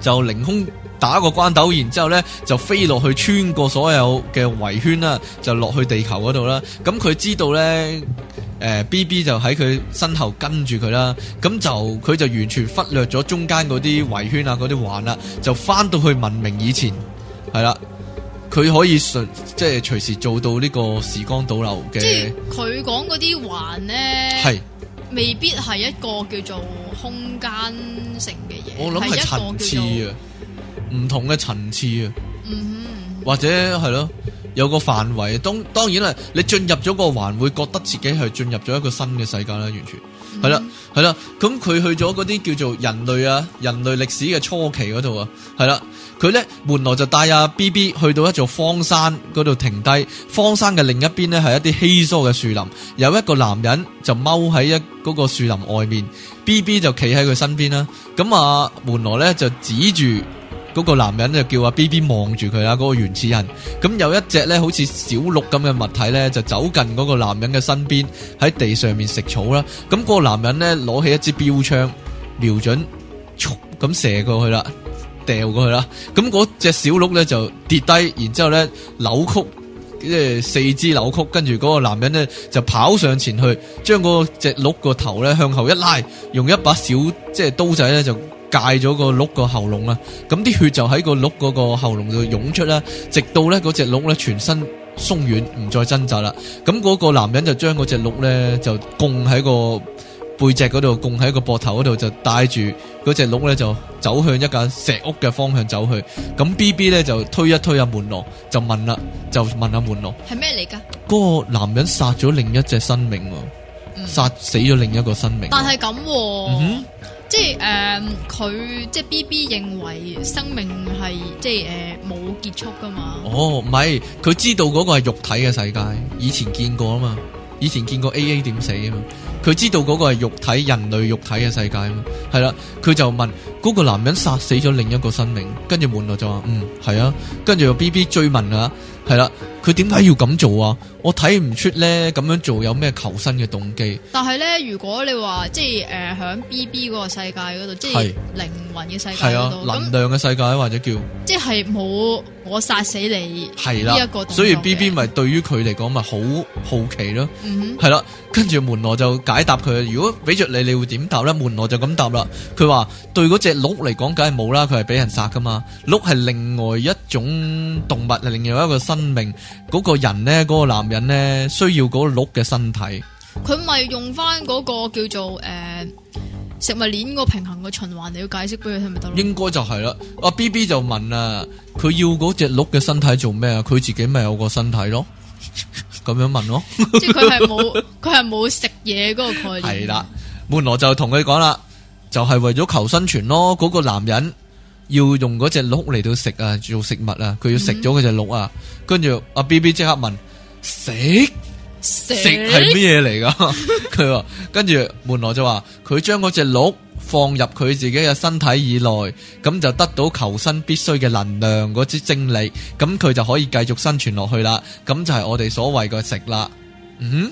就凌空打個關斗，然之後呢就飛落去穿過所有嘅圍圈啦，就落去地球嗰度啦。咁佢知道呢誒、呃、B B 就喺佢身後跟住佢啦。咁就佢就完全忽略咗中間嗰啲圍圈啊，嗰啲環啦，就翻到去文明以前係啦。佢可以隨，即係隨時做到呢個時光倒流嘅。即係佢講嗰啲環咧，係是未必係一個叫做空間性嘅嘢，我諗係層次啊，唔同嘅層次啊。嗯哼，或者係咯，有個範圍。當當然啦，你進入咗個環，會覺得自己係進入咗一個新嘅世界啦，完全。係啦，係啦，咁佢去咗嗰啲叫做人類啊，人類歷史嘅初期嗰度啊，係啦，佢咧門羅就帶阿 B B 去到一座荒山嗰度停低，荒山嘅另一邊咧係一啲稀疏嘅樹林，有一個男人就踎喺一嗰個樹林外面，B B 就企喺佢身邊啦，咁啊門羅咧就指住。嗰個男人就叫阿 B B 望住佢啦，嗰個原始人。咁有一隻咧好似小鹿咁嘅物體咧，就走近嗰個男人嘅身邊，喺地上面食草啦。咁嗰個男人咧攞起一支標槍，瞄準，咁射過去啦，掉過去啦。咁嗰隻小鹿咧就跌低，然之後咧扭曲，即係四肢扭曲。跟住嗰個男人咧就跑上前去，將嗰隻鹿個頭咧向後一拉，用一把小即係刀仔咧就。戒咗個鹿個喉嚨啦，咁啲血就喺個鹿嗰個喉嚨度湧出啦，直到咧嗰隻鹿咧全身鬆軟，唔再掙扎啦。咁嗰個男人就將嗰隻鹿咧就供喺個背脊嗰度，供喺個膊頭嗰度，就帶住嗰隻鹿咧就走向一間石屋嘅方向走去。咁 B B 咧就推一推阿門羅，就問啦，就問阿門羅係咩嚟㗎？嗰個男人殺咗另一隻生命，殺死咗另一個生命，嗯、生命但係咁、啊。嗯即係誒，佢、呃、即係 B B 認為生命係即係誒冇結束噶嘛？哦，唔係，佢知道嗰個係肉體嘅世界，以前見過啊嘛，以前見過 A A 點死啊嘛，佢知道嗰個係肉體人類肉體嘅世界啊嘛，係啦，佢就問嗰、那個男人殺死咗另一個生命，跟住門羅就話嗯係啊，跟住又 B B 追問啊，係啦，佢點解要咁做啊？我睇唔出咧，咁樣做有咩求生嘅動機？但係咧，如果你話即係誒響 B B 嗰個世界嗰度，是即係靈魂嘅世界、啊、能量嘅世界或者叫，即係冇我殺死你係啦、啊，所以 B B 咪對於佢嚟講咪好好奇咯，係啦、嗯哼，跟住門羅就解答佢，如果俾着你，你會點答咧？門羅就咁答啦，佢話對嗰隻鹿嚟講，梗係冇啦，佢係俾人殺噶嘛，鹿係另外一種動物，係另外一個生命，嗰、嗰個人呢，嗰、嗰個嗰個男人咧，需要鹿嘅身體，佢咪用翻嗰個叫做誒食物鏈個平衡嘅循環，你要解釋俾佢聽咪得咯？應該就係啦。阿 B B 就問啦，佢要嗰隻鹿嘅身體做咩啊？佢自己咪有個身體咯，咁 樣問咯即。即係佢係冇佢係冇食嘢嗰個概念。係啦，門羅就同佢講啦，就係、是、為咗求生存咯。嗰、那個男人要用嗰隻鹿嚟到食啊，做食物啊。佢要食咗嗰隻鹿啊，跟住阿 B B 即刻問。食食係咩嘢嚟噶？佢話，跟住門羅就話佢將嗰隻鹿放入佢自己嘅身體以內，咁就得到求生必須嘅能量嗰支精力，咁佢就可以繼續生存落去啦。咁就係我哋所謂嘅食啦。嗯，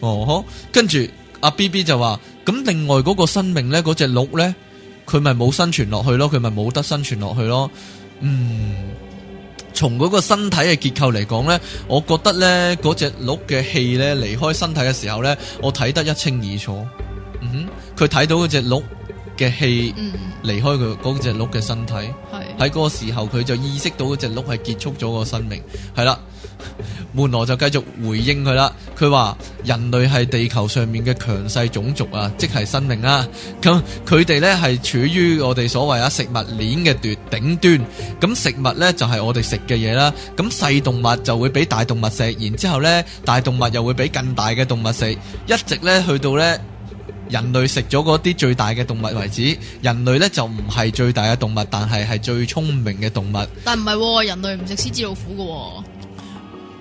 哦， 跟、啊、住阿 B B 就話，咁另外嗰個生命呢，嗰隻鹿呢，佢咪冇生存落去咯？佢咪冇得生存落去咯？嗯。從嗰個身體嘅結構嚟講呢，我覺得呢嗰隻鹿嘅氣呢離開身體嘅時候呢，我睇得一清二楚。嗯哼，佢睇到嗰隻鹿嘅氣離開佢嗰隻鹿嘅身體，喺嗰、嗯、個時候佢就意識到嗰隻鹿係結束咗個生命。係啦。門羅就繼續回應佢啦，佢話人類係地球上面嘅強勢種族啊，即係生命啊。咁佢哋呢係處於我哋所謂啊食物鏈嘅端頂端。咁食物呢就係我哋食嘅嘢啦。咁細動物就會俾大動物食，然之後呢大動物又會俾更大嘅動物食，一直呢去到呢，人類食咗嗰啲最大嘅動物為止。人類呢就唔係最大嘅動物，但係係最聰明嘅動物。但唔係，喎，人類唔食獅子老虎噶，喎。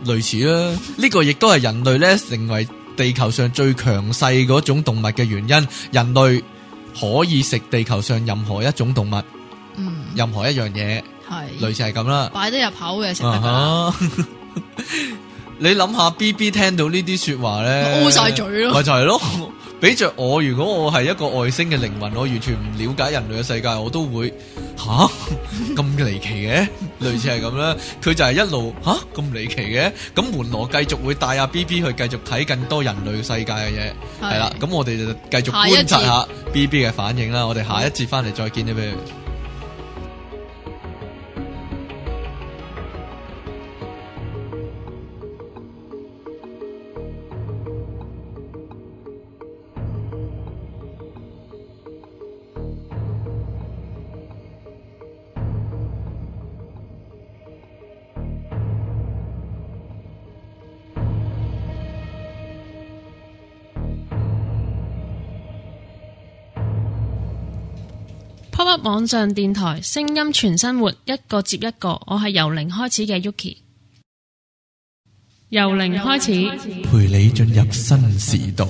類似啦，呢個亦都係人類咧成為地球上最強勢嗰種動物嘅原因。人類可以食地球上任何一種動物，嗯，任何一樣嘢係是類似係咁啦，擺得入口嘅食得。你諗下 BB 聽到呢啲說話咧，烏晒嘴咯，咪就係咯。 俾着我，如果我係一個外星嘅靈魂，我完全唔了解人類嘅世界，我都會吓咁離奇嘅， 類似係咁啦。佢就係一路吓咁離奇嘅，咁門羅繼續會帶阿 B B 去繼續睇更多人類世界嘅嘢，係啦的。咁我哋就繼續觀察下 B B 嘅反應啦。我哋下一節翻嚟再見啦，B。網上電台，聲音全生活，一個接一個。我係由零開始嘅 Yuki，由零開始陪你進入新時代。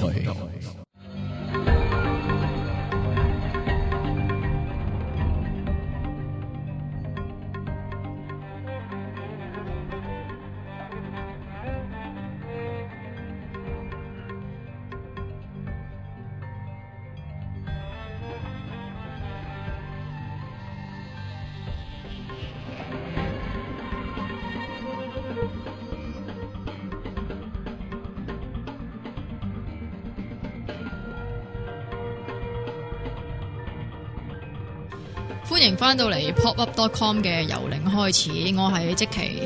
到嚟 pop up dot com 嘅由零開始，我係即奇，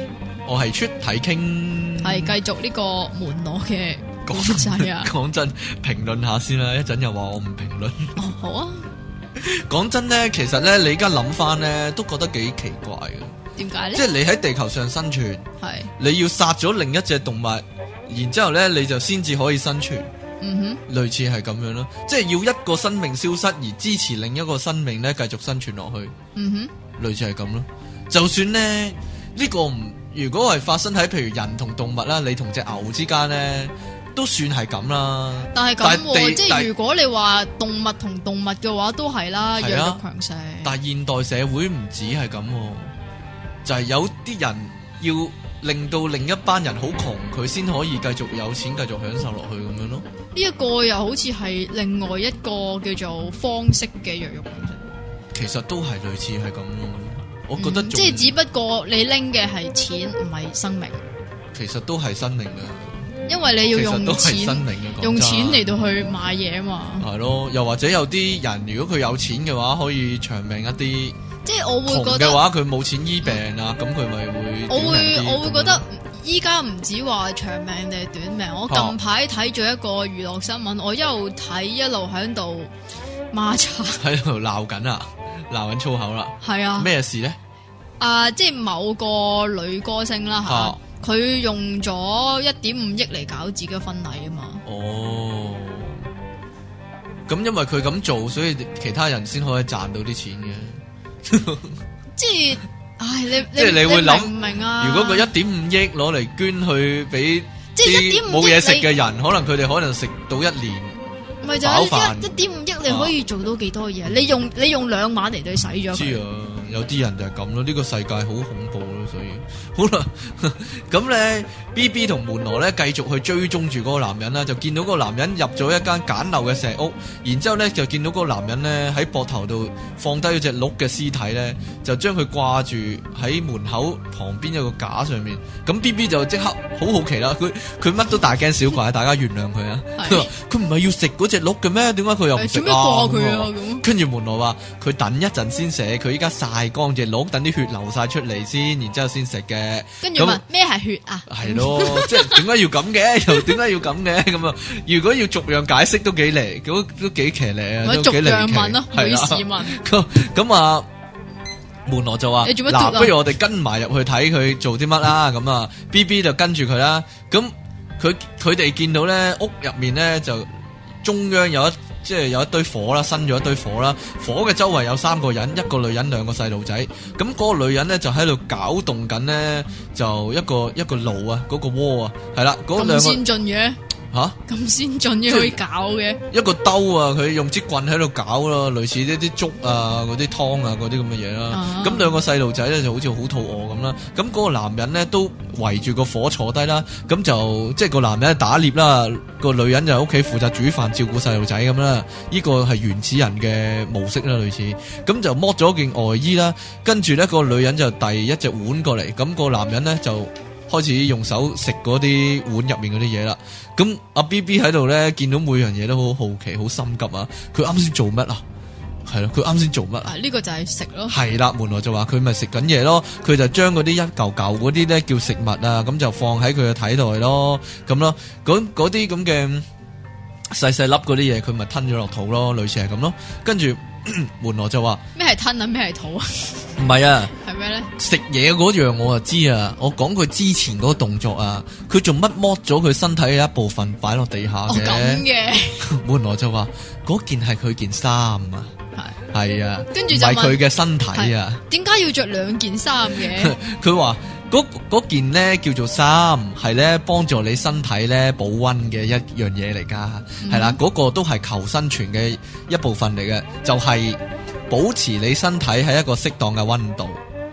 我係出體傾，係繼續呢個門羅嘅故事啊。講真啊，講真，評論下先啦，一陣又話我唔評論。哦，好啊。講 真咧，其實咧，你而家諗翻咧，都覺得幾奇怪嘅。點解咧？即係你喺地球上生存，係是你要殺咗另一隻動物，然之後咧，你就先至可以生存。嗯哼，mm hmm. 類似係咁樣咯，即係要一個生命消失而支持另一個生命咧繼續生存落去。嗯哼、mm，hmm. 類似係咁咯。就算咧呢、呢個唔，如果係發生喺譬如人同動物啦，你同隻牛之間呢都算係咁啦。但係咁、啊、即係如果你話動物同動物嘅話，都係啦，啊、弱肉強食。但係現代社會唔止係咁、啊，就係、是、有啲人要。令到另一班人好窮，佢先可以繼續有錢，繼續享受落去咁樣咯。呢一個又好似係另外一個叫做方式嘅藥用方式。其實都係類似係咁咯，我覺得、嗯。即係只不過你拎嘅係錢，唔係生命。其實都係生命啊！因為你要用錢，都係生命用錢嚟到去買嘢嘛。係、嗯、咯，又或者有啲人如果佢有錢嘅話，可以長命一啲。即係我會覺得窮嘅話佢冇錢醫病啊，咁佢咪會短命啲？我會我會覺得依家唔止話長命定係短命，我近排睇咗一個娛樂新聞，啊、我一路睇一路喺度孖叉，喺度鬧緊啊，鬧緊粗口啦。係啊，咩事咧？啊，即係某個女歌星啦吓，佢、啊啊、用咗一點五億嚟搞自己嘅婚禮啊嘛。哦，咁因為佢咁做，所以其他人先可以賺到啲錢嘅。即係，唉，你即係你會諗唔明啊？如果個一點五億攞嚟捐去俾即係冇嘢食嘅人，可能佢哋可能食到一年，唔係就係一一點五億，你可以做到幾多嘢？你用你用兩晚嚟去使咗佢，有啲人就係咁咯。呢個世界好恐怖咯。所以好啦，咁咧 B B 同門羅咧繼續去追蹤住個男人啦，就見到個男人入咗一間簡陋嘅石屋，然之後咧就見到個男人咧喺膊頭度放低咗隻鹿嘅屍體咧，就將佢掛住喺門口旁邊有個架上面。咁 B B 就即刻好好奇啦，佢佢乜都大驚小怪， 大家原諒佢是、欸、啊！佢話佢唔係要食嗰隻鹿嘅咩？點解佢又唔食啊？跟住、嗯、門羅話佢等一陣先食，佢依家曬乾隻鹿，等啲血流晒出嚟先出，然之先食嘅，跟住問咩係血啊？係咯，即係點解要咁嘅？又點解要咁嘅？咁啊，如果要逐樣解釋都幾嚟，都都幾騎呢？逐樣問咯，問市民。咁咁啊，門羅就話，嗱，你做乜，不如我哋跟埋入去睇佢做啲乜啦？咁啊，B B 就跟住佢啦。咁佢佢哋見到咧屋入面咧就中央有一。即係有一堆火啦，生咗一堆火啦，火嘅周圍有三個人，一個女人，兩個細路仔。咁、那、嗰個女人呢，就喺度搞動緊呢，就一個一個爐啊，嗰個窩啊，係啦，嗰、那、兩、個。咁先進嘅。吓咁、啊、先進要去搞嘅一個兜啊，佢用支棍喺度搞咯，類似啲啲粥啊，嗰啲湯啊，嗰啲咁嘅嘢啦。咁兩、啊、個細路仔咧就好似好肚餓咁啦。咁嗰個男人咧都圍住個火坐低啦。咁就即係、就是、個男人打獵啦，那個女人就喺屋企負責煮飯照顧細路仔咁啦。呢、這個係原始人嘅模式啦，類似咁就剝咗件外衣啦，跟住咧個女人就遞一隻碗過嚟，咁、那個男人咧就。開始用手食嗰啲碗入面嗰啲嘢啦，咁阿、啊、B B 喺度咧見到每樣嘢都好好奇，好心急啊！佢啱先做乜啊？係、這個、咯，佢啱先做乜啊？呢個就係食咯。係啦，門羅就話佢咪食緊嘢咯，佢就將嗰啲一嚿嚿嗰啲咧叫食物啊，咁就放喺佢嘅體內咯，咁咯，嗰啲咁嘅細細粒嗰啲嘢，佢咪吞咗落肚咯，類似係咁咯，跟住。門羅 就話咩係吞啊，咩係肚啊？唔係 啊，係咩咧？食嘢嗰樣我就知啊，我講佢之前嗰個動作啊，佢做乜剝咗佢身體嘅一部分擺落地下嘅？哦咁嘅，門羅 就話嗰件係佢件衫啊，係係啊，跟住就問佢嘅身體啊，點解、啊、要着兩件衫嘅？佢話。 嗰件咧叫做衫，係咧幫助你身體咧保溫嘅一樣嘢嚟噶，係啦、mm，嗰、hmm. 嗰個都係求生存嘅一部分嚟嘅，就係、是、保持你身體喺一個適當嘅溫度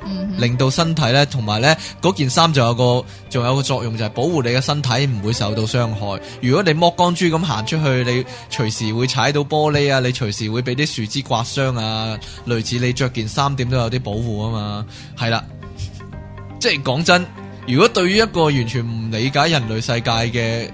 ，mm hmm. 令到身體呢同埋呢嗰件衫仲有個仲有個作用就係、是、保護你嘅身體唔會受到傷害。如果你剝光珠咁行出去，你隨時會踩到玻璃啊，你隨時會俾啲樹枝刮傷啊，類似你着件衫點都有啲保護啊嘛，係啦。即係講真，如果對於一個完全唔理解人類世界嘅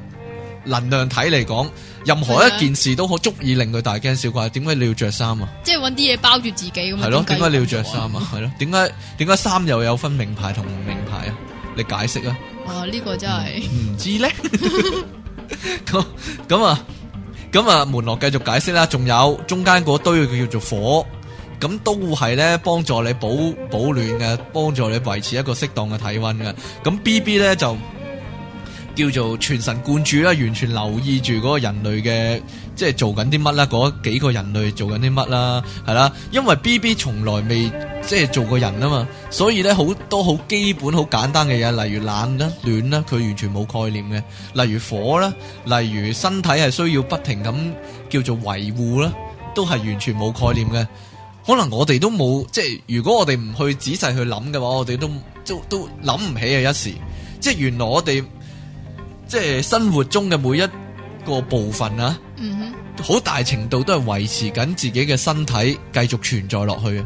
能量體嚟講，任何一件事都好足以令佢大驚小怪。點解你要着衫啊？即係搵啲嘢包住自己咁係咯？點解你要着衫啊？係咯？ 點解點解衫又有分名牌同名牌啊？你解釋啊？哦，呢個真係唔知咧。咁咁啊，咁啊，門羅繼續解釋啦。仲有中間嗰堆佢叫做火。咁都係咧，幫助你保保暖嘅，幫助你維持一個適當嘅體溫嘅。咁 B B 咧就叫做全神貫注啦，完全留意住嗰個人類嘅，即係做緊啲乜啦？嗰幾個人類做緊啲乜啦？係啦，因為 B B 從來未即係做過人啊嘛，所以咧好多好基本好簡單嘅嘢，例如冷啦、暖啦，佢完全冇概念嘅；例如火啦，例如身體係需要不停咁叫做維護啦，都係完全冇概念嘅。可能我哋都冇，即係如果我哋唔去仔細去諗嘅話，我哋都都諗唔起啊一時，即係原來我哋即係生活中嘅每一個部分啊，mm hmm. 好大程度都係維持緊自己嘅身體繼續存在落去嘅，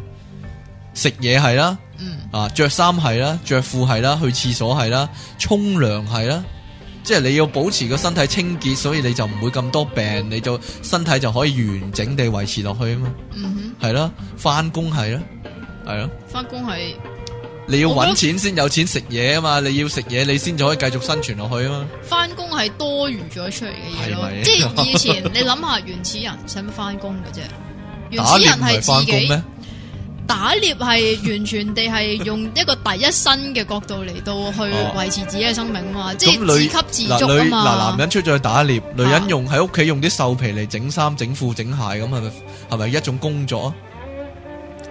食嘢係啦，mm hmm. 啊着衫係啦，着褲係啦，去廁所係啦，沖涼係啦。即係你要保持個身體清潔，所以你就唔會咁多病，你就身體就可以完整地維持落去啊嘛。嗯哼，係咯，翻工係咯，係咯。翻工係，你要搵錢先有錢食嘢啊嘛。我你要食嘢，你先就可以繼續生存落去啊嘛。翻工係多餘咗出嚟嘅嘢咯，係咪即係以前 你諗下原始人使乜翻工嘅啫？原始人係翻工咩？打獵係完全地係用一個第一身嘅角度嚟到去維持自己嘅生命啊嘛，啊即係自給自足啊嘛。嗱、啊、男人出咗去打獵，女人用喺屋企用啲獸皮嚟整衫、整褲、整鞋，咁係咪係咪一種工作啊？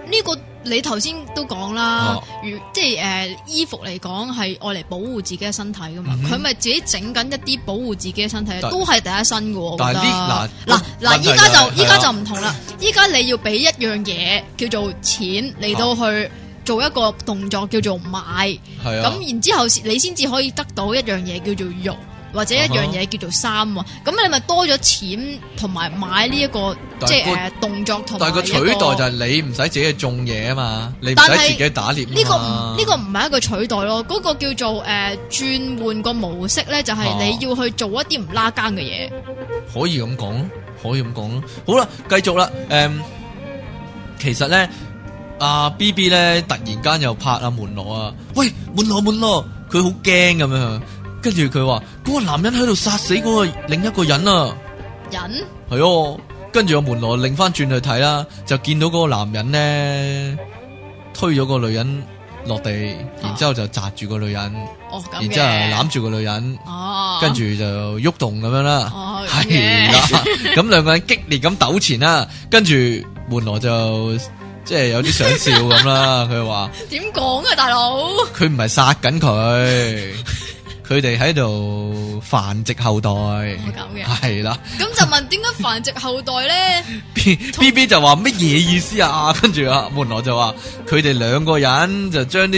呢、呢個你頭先都講啦，如即係誒衣服嚟講，係愛嚟保護自己嘅身體噶嘛，佢咪自己整緊一啲保護自己嘅身體，都係第一身嘅喎。我覺得，嗱嗱嗱，依家就依家就唔同啦，依家你要俾一樣嘢叫做錢嚟到去做一個動作叫做買，咁然之後你先至可以得到一樣嘢叫做肉。或者一樣嘢叫做衫，咁、uh huh. 你咪多咗錢同埋買呢一個即係誒動作同。但係是個取代就係你唔使自己種嘢啊嘛，你唔使自己打獵嘛呢個呢，這個唔係一個取代咯，嗰，那個叫做誒轉換個模式咧，就係你要去做一啲唔拉更嘅嘢。可以咁講咯，可以咁講咯。好啦，繼續啦。誒、嗯，其實咧，阿、啊、B B 咧突然間又拍阿門羅啊，喂，門羅門羅，佢好驚咁樣。跟住佢話嗰個男人喺度殺死嗰個另一個人啊！人係哦、啊，跟住我門羅擰翻轉去睇啦，就見到嗰個男人咧推咗個女人落地，然之後就砸住個女人，啊哦、然之後攬住個女人，啊、跟住就喐動咁、啊、樣啦，係啦、啊，咁 兩個人激烈咁糾纏啦，跟住門羅就即係有啲想笑咁啦，佢話點講啊，大佬？佢唔係殺緊佢。 佢哋喺度繁殖後代，係啦。咁就問點解繁殖後代呢？BBB 就話乜嘢意思啊？跟住啊，門羅就話佢哋兩個人就將啲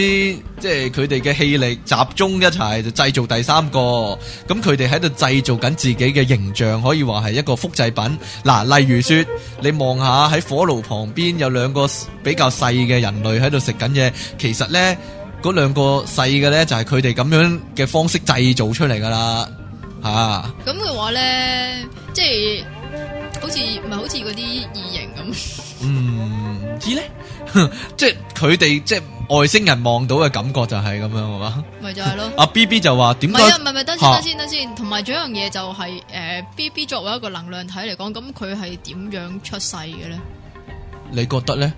即係佢哋嘅氣力集中一齊，就製造第三個。咁佢哋喺度製造緊自己嘅形象，可以話係一個複製品。嗱、啊，例如說，你望下喺火爐旁邊有兩個比較細嘅人類喺度食緊嘢，其實呢。嗰兩個細嘅咧，就係佢哋咁樣嘅方式製造出嚟噶啦，吓、啊。咁嘅話咧，即係好似唔係好似嗰啲異形咁。唔知咧，即係佢哋即係外星人望到嘅感覺就係咁樣，係嘛？咪就係咯。阿、啊、B B 就話點？唔係啊，唔係唔係，得先，得先，得先。同埋仲有一樣嘢就係、是，誒、呃、，B B 作為一個能量體嚟講，咁佢係點樣出世嘅咧？你覺得咧？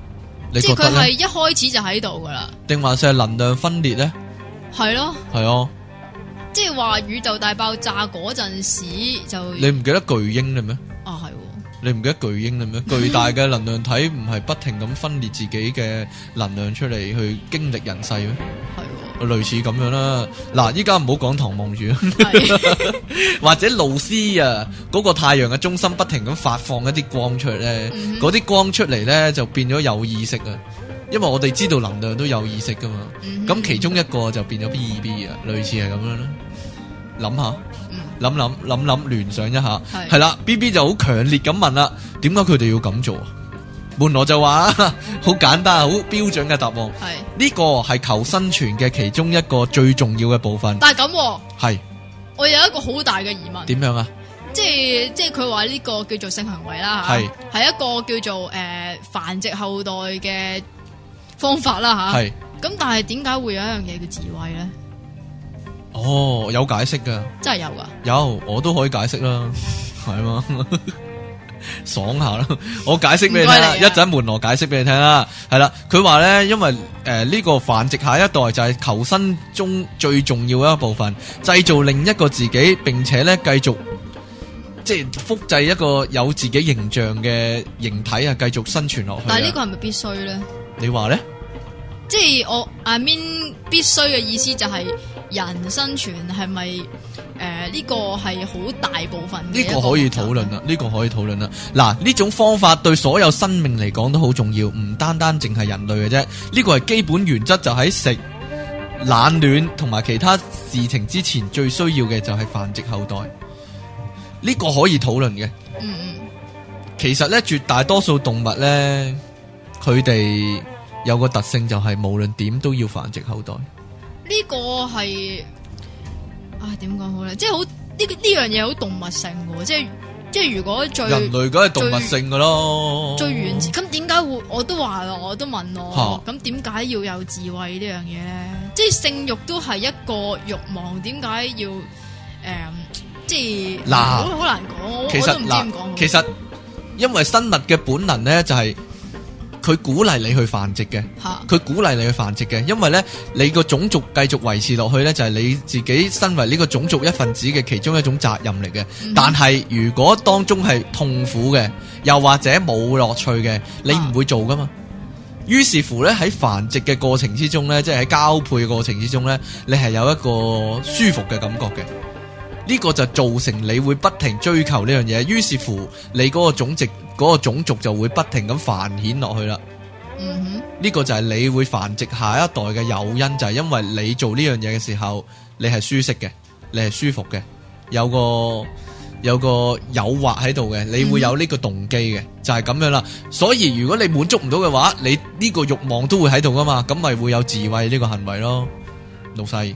即係佢係一開始就喺度噶啦，定還是係能量分裂咧？係咯，係哦。即係話宇宙大爆炸嗰陣時就你唔記得巨嬰啦咩？你唔記得巨嬰啦咩？巨大嘅能量體唔係不停咁分裂自己嘅能量出嚟去經歷人世咩？係類似咁樣啦。嗱，依家唔好講唐望住，或者老師啊，嗰個太陽嘅中心不停咁發放一啲光出嚟咧，嗰啲光出嚟咧就變咗有意識啊。因為我哋知道能量都有意識噶嘛，咁其中一個就變咗 BB 啊，類似係咁樣囉。諗下。諗諗諗諗，聯想一下，係啦。B B 就好強烈咁問啦，點解佢哋要咁做啊？門羅就話，好簡單，好標準嘅答案係呢個係求生存嘅其中一個最重要嘅部分。但係咁，係我有一個好大嘅疑問，點樣啊？即係即係佢話呢個叫做性行為啦，係係一個叫做誒繁殖後代嘅方法啦，吓。咁但係點解會有一樣嘢叫智慧咧？哦，有解釋噶，真係有噶，啊，有我都可以解釋啦，係嘛， 爽下啦，我解釋俾你聽啦，一陣門羅解釋俾你聽啦，係啦，佢話咧，因為誒呢，呃這個繁殖下一代就係求生中最重要嘅一部分，製造另一個自己，並且咧繼續即係複製一個有自己形象嘅形體啊，繼續生存落去。但係呢個係咪必須咧？你話咧，即係我 I mean 必須嘅意思就係，是。人生存係咪誒呢個係好大部分嘅？呢個可以討論啦，呢個可以討論啦。嗱，呢種方法對所有生命嚟講都好重要，唔單單淨係人類嘅啫。呢個係基本原則，就喺食冷暖同埋其他事情之前最需要嘅就係繁殖後代。呢個可以討論嘅。嗯嗯。其實咧，絕大多數動物咧，佢哋有個特性就係無論點都要繁殖後代。個啊、呢個係啊點講好咧？即係好呢呢樣嘢好動物性嘅，即係即係如果最人類梗係動物性嘅咯。最原始咁點解會？我都話我都問我咁點解要有智慧呢樣嘢咧？即係性欲都係一個欲望，點解要誒、呃？即係嗱，好難講，其實唔知點講，其實因為生物嘅本能咧就係、是。佢鼓勵你去繁殖嘅，佢鼓勵你去繁殖嘅，因為呢，你個種族繼續維持落去呢，就係你自己身為呢個種族一份子嘅其中一種責任嚟嘅。但係如果當中係痛苦嘅，又或者冇樂趣嘅，你唔會做噶嘛。啊、於是乎呢，喺繁殖嘅過程之中呢，即係喺交配過程之中呢，你係有一個舒服嘅感覺嘅。呢個就造成你會不停追求呢樣嘢，於是乎你嗰個種族、嗰個種族就會不停咁繁衍落去啦。嗯哼，呢個就係你會繁殖下一代嘅誘因，就係、是、因為你做呢樣嘢嘅時候，你係舒適嘅，你係舒服嘅，有個有個誘惑喺度嘅，你會有呢個動機嘅，嗯、哼就係咁樣啦。所以如果你滿足唔到嘅話，你呢個欲望都會喺度噶嘛，咁咪會有自慰呢個行為咯。老細，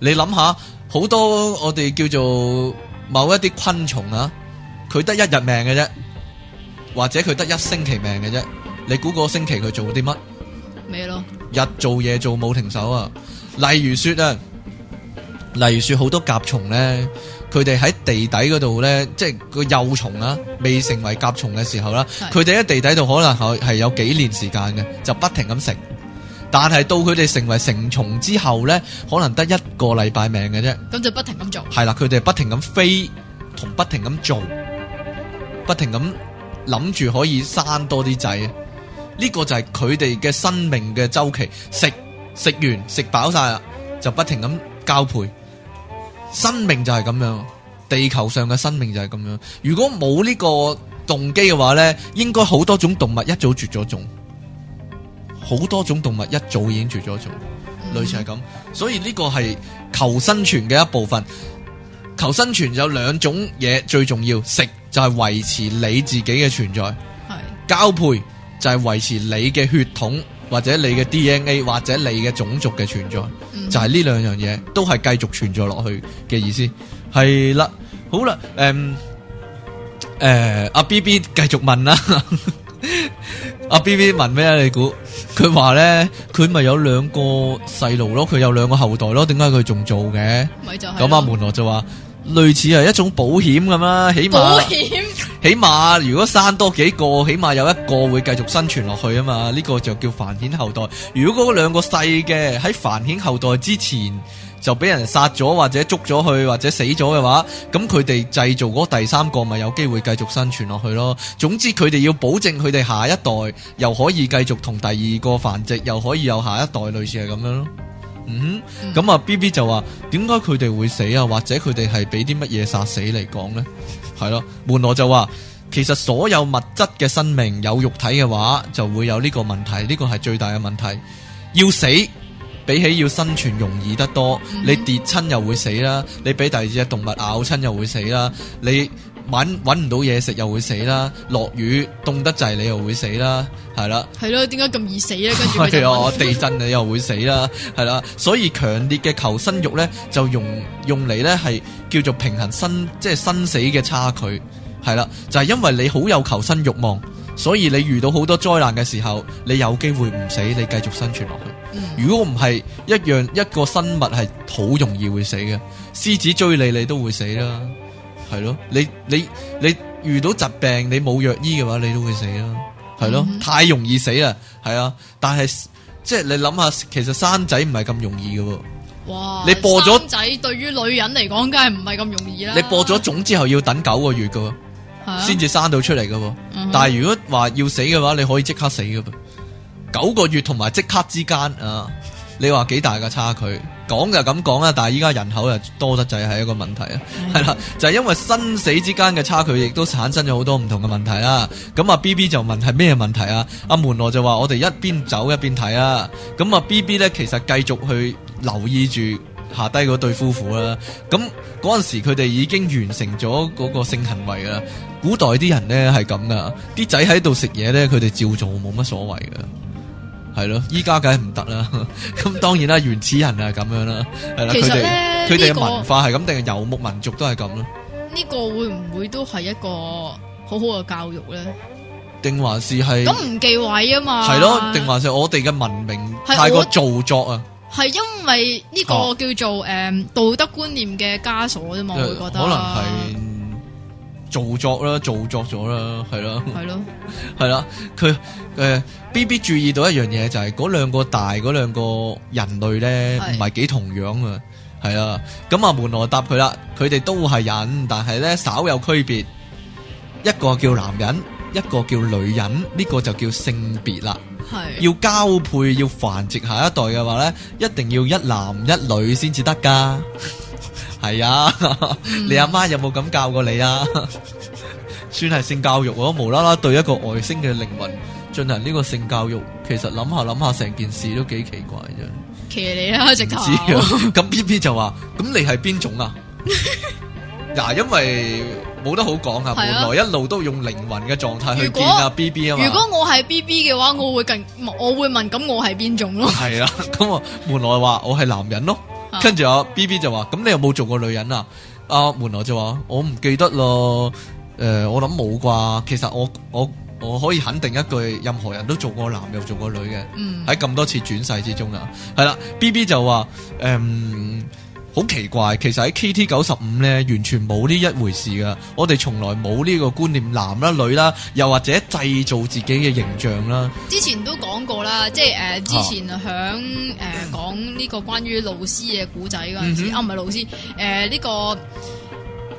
你諗下。好多我哋叫做某一啲昆蟲啊，佢得一日命嘅啫，或者佢得一星期命嘅啫。你估個星期佢做啲乜？咩咯了？日做夜做冇停手啊！例如說啊，例如說好多甲蟲咧，佢哋喺地底嗰度咧，即係個幼蟲啊，未成為甲蟲嘅時候啦，佢哋喺地底度可能係係有幾年時間嘅，就不停咁食。但係到佢哋成為成蟲之後呢，可能得一個禮拜命嘅啫。咁就不停咁做。係啦，佢哋不停咁飛，同不停咁做，不停咁諗住可以生多啲仔。呢個就係佢哋嘅生命嘅周期。食食完食飽晒啦，就不停咁交配。生命就係咁樣，地球上嘅生命就係咁樣。如果冇呢個動機嘅話呢，應該好多種動物一早絕咗種。好多種動物一早已經絕咗種，嗯、類似係咁，所以呢個係求生存嘅一部分。求生存有兩種嘢最重要，食就係維持你自己嘅存在，是交配就係維持你嘅血統或者你嘅 DNA 或者你嘅種族嘅存在，嗯、就係呢兩樣嘢都係繼續存在落去嘅意思，係啦，好啦，誒誒阿 B B 繼續問啦。 阿、啊、BB 問咩啊？你估佢話呢，佢咪有兩個細路咯？佢有兩個後代咯？點解佢仲做嘅？咁阿門羅就話，類似係一種保險咁啦，起碼，險起碼如果生多幾個，起碼有一個會繼續生存落去啊嘛？呢個就叫繁衍後代。如果嗰兩個細嘅喺繁衍後代之前。就俾人殺咗，或者捉咗去，或者死咗嘅話，咁佢哋製造嗰第三個咪有機會繼續生存落去咯。總之佢哋要保證佢哋下一代又可以繼續同第二個繁殖，又可以有下一代，類似係咁樣咯。嗯，咁啊 BB 就話：「點解佢哋會死啊？或者佢哋係俾啲乜嘢殺死嚟講呢？」係咯，門羅就話：其實所有物質嘅生命有肉體嘅話，就會有呢個問題，呢個係最大嘅問題，要死。比起要生存容易得多，mm hmm。你跌親又會死啦，你俾第二隻動物咬親又會死啦，你揾揾唔到嘢食又會死啦，落雨凍得滯你會 又會死啦，係啦。係咯，點解咁易死咧？跟住佢就地震你又會死啦，係啦，所以強烈嘅求生欲呢，就用用嚟呢係叫做平衡生即係生死嘅差距，係啦，就係、是、因為你好有求生慾望。所以你遇到好多災難嘅時候，你有機會唔死，你繼續生存落去。嗯、如果唔係一樣一個生物係好容易會死嘅，獅子追你你都會死啦，係咯。你你你遇到疾病你冇藥醫嘅話，你都會死啦，係咯，嗯、哼太容易死啦。係啊，但係即係你諗下，其實生仔唔係咁容易㗎喎。哇！你播咗生仔對於女人嚟講，梗係唔係咁容易啦？你播咗種之後要等九個月㗎喎。先至生到出嚟噶，嗯、哼但係如果話要死嘅話，你可以即刻死噶噃。九個月同埋即刻之間啊，你話幾大嘅差距？講就咁講啦，但係依家人口又多得滯，係一個問題啊，係啦、嗯哼，就係、是、因為生死之間嘅差距，亦都產生咗好多唔同嘅問題啦。咁啊，B B 就問係咩問題啊？阿、啊、門羅就話我哋一邊走一邊睇啊。咁啊，B B 咧其實繼續去留意住。.下低嗰對夫婦啦，咁嗰陣時佢哋已經完成咗嗰個性行為啦。古代啲人咧係咁噶，啲仔喺度食嘢咧，佢哋照做冇乜所謂噶。係咯，依家梗係唔得啦。咁當然啦， 原始人係咁樣啦。係啦，佢哋佢嘅文化係咁定係游牧民族都係咁啦。呢個會唔會都係一個好好嘅教育咧？定還是係咁唔忌諱啊嘛？係咯，定還，還是我哋嘅文明我太過造作啊？係因為呢個叫做誒道德觀念嘅枷鎖啫嘛，啊，我會覺得。可能係做作啦，做作咗啦，係咯。係咯，係啦。佢誒 B B 注意到一樣嘢就係嗰兩個大嗰兩個人類咧，唔係幾同樣啊。係啊，咁啊門羅答佢啦，佢哋都係人，但係咧稍有區別。一個叫男人，一個叫女人，呢個就叫性別啦。要交配要繁殖下一代嘅話咧，一定要一男一女先至得噶。係 啊，嗯、 你阿媽有冇咁教過你啊？ 算係性教育，我無啦啦對一個外星嘅靈魂進行呢個性教育，其實諗下諗下成件事都幾奇怪啫。騎你啦，直頭。知啊，咁 B B 就話，咁你係邊種啊？ 嗱、啊，因為冇得好講啊，門羅一路都用靈魂嘅狀態去見果啊，B B 啊嘛。如果我係 B B 嘅話，我會更我會問，咁我係邊種咯？係是啊，咁、 嗯、啊，門羅話我係男人咯，跟住阿 B B 就話，咁你有冇做過女人啊？阿門羅就話，我唔記得咯，誒、呃，我諗冇啩。其實我我我可以肯定一句，任何人都做過男又做過女嘅。喺咁、嗯、多次轉世之中啊，係、嗯、啦，B B 就話，誒、嗯。好奇怪，其實喺 K T 九十五咧，完全冇呢一回事噶。我哋從來冇呢個觀念，男啦女啦，又或者製造自己嘅形象啦、呃。之前都、呃、講過啦，即係誒，之前響誒講呢個關於老師嘅古仔嗰陣時，嗯、哼啊唔係老師，誒、呃、呢、呢個呢、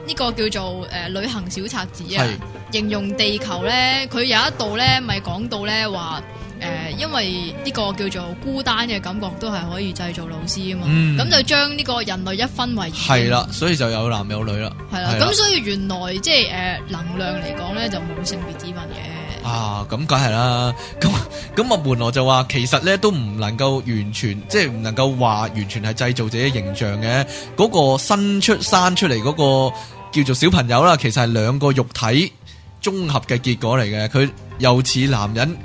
呢個叫做誒、呃、旅行小冊子啊，是形容地球咧，佢有一度咧，咪講到咧話。誒、呃，因為呢個叫做孤單嘅感覺都係可以製造老師啊嘛，咁、嗯、就將呢個人類一分為二。係啦，所以就有男有女啦。係啦，咁所以原來即係誒能量嚟講咧，就冇性別之分嘅。啊，咁梗係啦，咁咁啊，門羅就話，其實咧都唔能夠完全，即係唔能夠話完全係製造自己形象嘅嗰，那個新出生出嚟嗰個叫做小朋友啦，其實係兩個肉體綜合嘅結果嚟嘅，佢又似男人。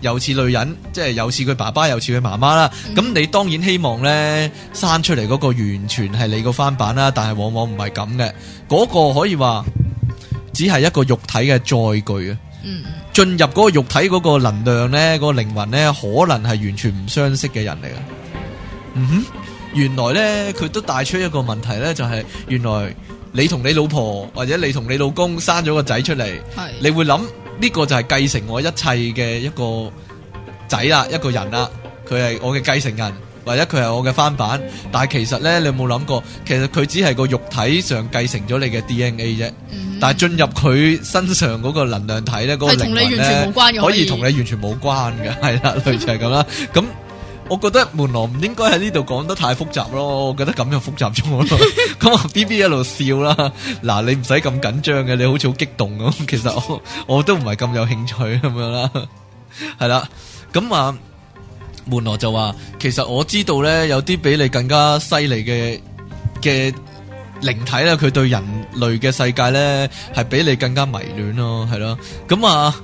又似女人，即係又似佢爸爸，又似佢媽媽啦。咁、嗯、你當然希望呢，生出嚟嗰個完全係你個翻版啦。但係往往唔係咁嘅，嗰、嗰個可以話只係一個肉體嘅載具啊。嗯、進入嗰個肉體嗰個能量呢，嗰、嗰個靈魂呢，可能係完全唔相識嘅人嚟啊。嗯哼，原來呢，佢都帶出一個問題呢，就係、是、原來你同你老婆或者你同你老公生咗個仔出嚟，是你會諗。呢個就係繼承我一切嘅一個仔啦、啊，一個人啦、啊，佢係我嘅繼承人，或者佢係我嘅翻版。但係其實呢，你有冇諗過？其實佢只係個肉體上繼承咗你嘅 DNA 啫。嗯、但係進入佢身上嗰個能量體咧，嗰、嗰個靈魂咧，可以同你完全冇關嘅，可以同你完全冇關嘅，係啦以，類似係咁啦，咁。 我覺得門羅唔應該喺呢度講得太複雜咯，我覺得咁又複雜咗咯。咁啊，B B 一路笑啦。嗱，你唔使咁緊張嘅，你好似好激動咁。其實我我都唔係咁有興趣咁樣 啦，係啦。咁啊，門羅就話，其實我知道咧，有啲比你更加犀利嘅嘅靈體咧，佢對人類嘅世界咧，係比你更加迷戀咯，係咯。咁啊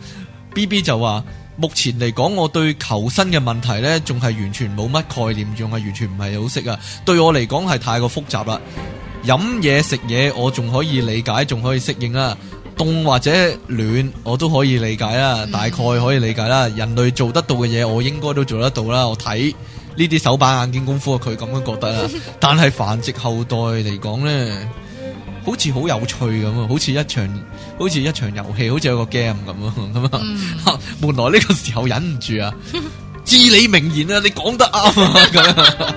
，B B 就話。目前嚟講，我對求生嘅問題呢，仲係完全冇乜概念，仲係完全唔係好識啊！對我嚟講係太過複雜啦。飲嘢食嘢我仲可以理解，仲可以適應啊。凍或者暖我都可以理解啊，大概可以理解啦。人類做得到嘅嘢我應該都做得到啦。我睇呢啲手板眼見功夫，佢咁樣覺得啦。但係繁殖後代嚟講呢，好似好有趣咁啊，好似一場。好似一場遊戲，好似有個 game 咁啊！咁、嗯、啊，門羅呢個時候忍唔住啊，至 理名言啊，你講得啱啊！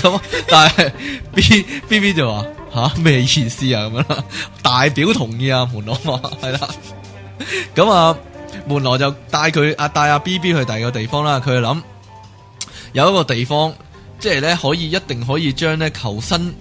咁， 但係 B B B 就話吓咩意思啊？咁樣啦，大表同意啊，門羅話，係啦。咁啊，門羅就帶佢阿帶阿 B B 去第二個地方啦。佢就諗有一個地方，即係咧可以一定可以將咧求生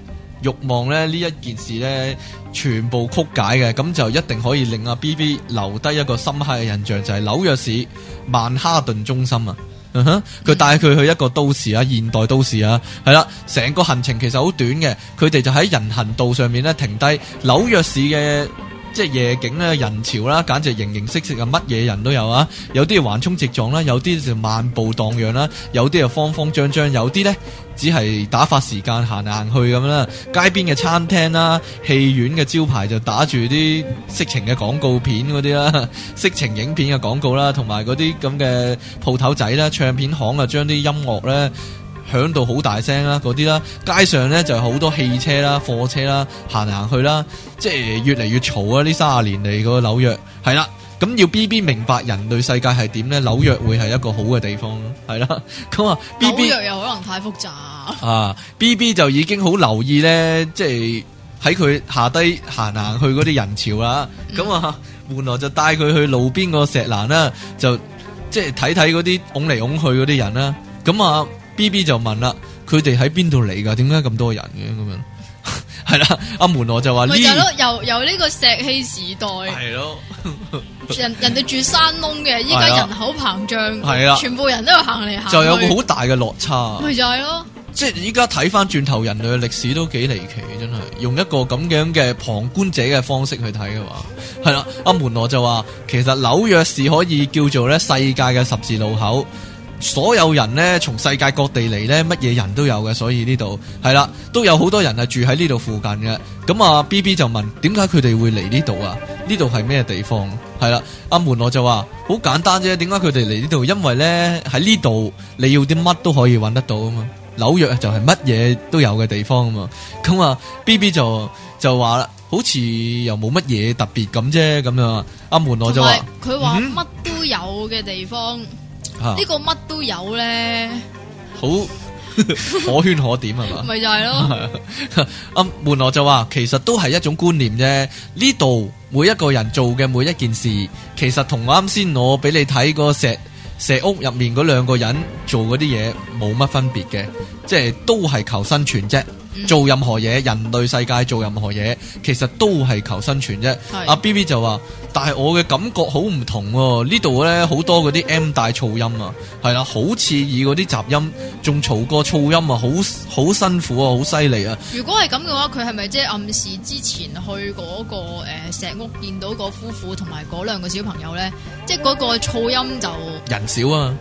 欲望咧呢一件事咧。全部曲解嘅，咁就一定可以令阿 BB 留低一個深刻嘅印象，就係紐約市曼哈頓中心啊！佢帶佢去一個都市啊，現代都市啊，係啦，成個行程其實好短嘅，佢哋就喺人行道上面咧停低紐約市嘅。即係夜景咧，人潮啦，簡直形形色色啊，乜嘢人都有啊！有啲橫衝直撞啦，有啲就漫步盪漾啦，有啲就慌慌張張，有啲呢只係打發時間行行去咁啦。街邊嘅餐廳啦，戲院嘅招牌就打住啲色情嘅廣告片嗰啲啦，色情影片嘅廣告啦，同埋嗰啲咁嘅鋪頭仔啦，唱片行啊，將啲音樂呢，響到好大聲啦，嗰啲啦，街上咧就係好多汽車啦、貨車啦，行行去啦，即係越嚟越嘈啊！呢三十年嚟個紐約係啦，咁要 B B 明白人類世界係點咧，嗯、紐約會係一個好嘅地方咯，係啦。咁啊，紐約又可能太複雜啊。啊、B B 就已經好留意咧，即係喺佢下低行行去嗰啲人潮啦。咁、嗯、啊，門羅就帶佢去路邊個石欄啦，就即係睇睇嗰啲拱嚟拱去嗰啲人啦。咁啊。B B 就問啦，佢哋喺邊度嚟噶？點解咁多人嘅咁樣？係 啦，阿門羅就話：咪就係咯，由由呢個石器時代，係咯是的 人人哋住山窿嘅，依家人口膨脹，係啦的，全部人都行嚟行去，就有個好大嘅落差。咪就係、是、咯，即係依家睇翻轉頭人類嘅歷史都幾離奇，真係用一個咁樣嘅旁觀者嘅方式去睇嘅話，係啦， 阿門羅就話，其實紐約市可以叫做咧世界嘅十字路口。所有人咧，從世界各地嚟咧，乜嘢人都有嘅，所以呢度係啦，都有好多人係住喺呢度附近嘅。咁啊，B B 就問，點解佢哋會嚟呢度啊？呢度係咩地方？係啦，阿、啊、門羅我就話，好簡單啫，點解佢哋嚟呢度？因為咧喺呢度你要啲乜都可以搵得到啊嘛。紐約就係乜嘢都有嘅地方啊嘛。咁啊，B B 就就話啦，好似又冇乜嘢特別咁啫，咁樣、啊。阿、啊、門羅我就話，佢話乜都有嘅地方。嗯呢、啊、個乜都有咧，好 可圈可點係嘛？咪就係咯，阿門羅就話，其實都係一種觀念啫。呢度每一個人做嘅每一件事，其實同啱先我俾你睇個石石屋入面嗰兩個人做嗰啲嘢冇乜分別嘅，即係都係求生存啫。做任何嘢，人類世界做任何嘢，其實都係求生存啫。阿是 B B 就話，但係我嘅感覺好唔同喎、哦，呢度咧好多嗰啲 M 大噪音啊，係啦、啊，好似以嗰啲雜音，仲嘈過噪音啊，好好辛苦啊，好犀利啊！如果係咁嘅話，佢係咪即係暗示之前去嗰個石屋見到個夫婦同埋嗰兩個小朋友咧？即係嗰個噪音就人少啊。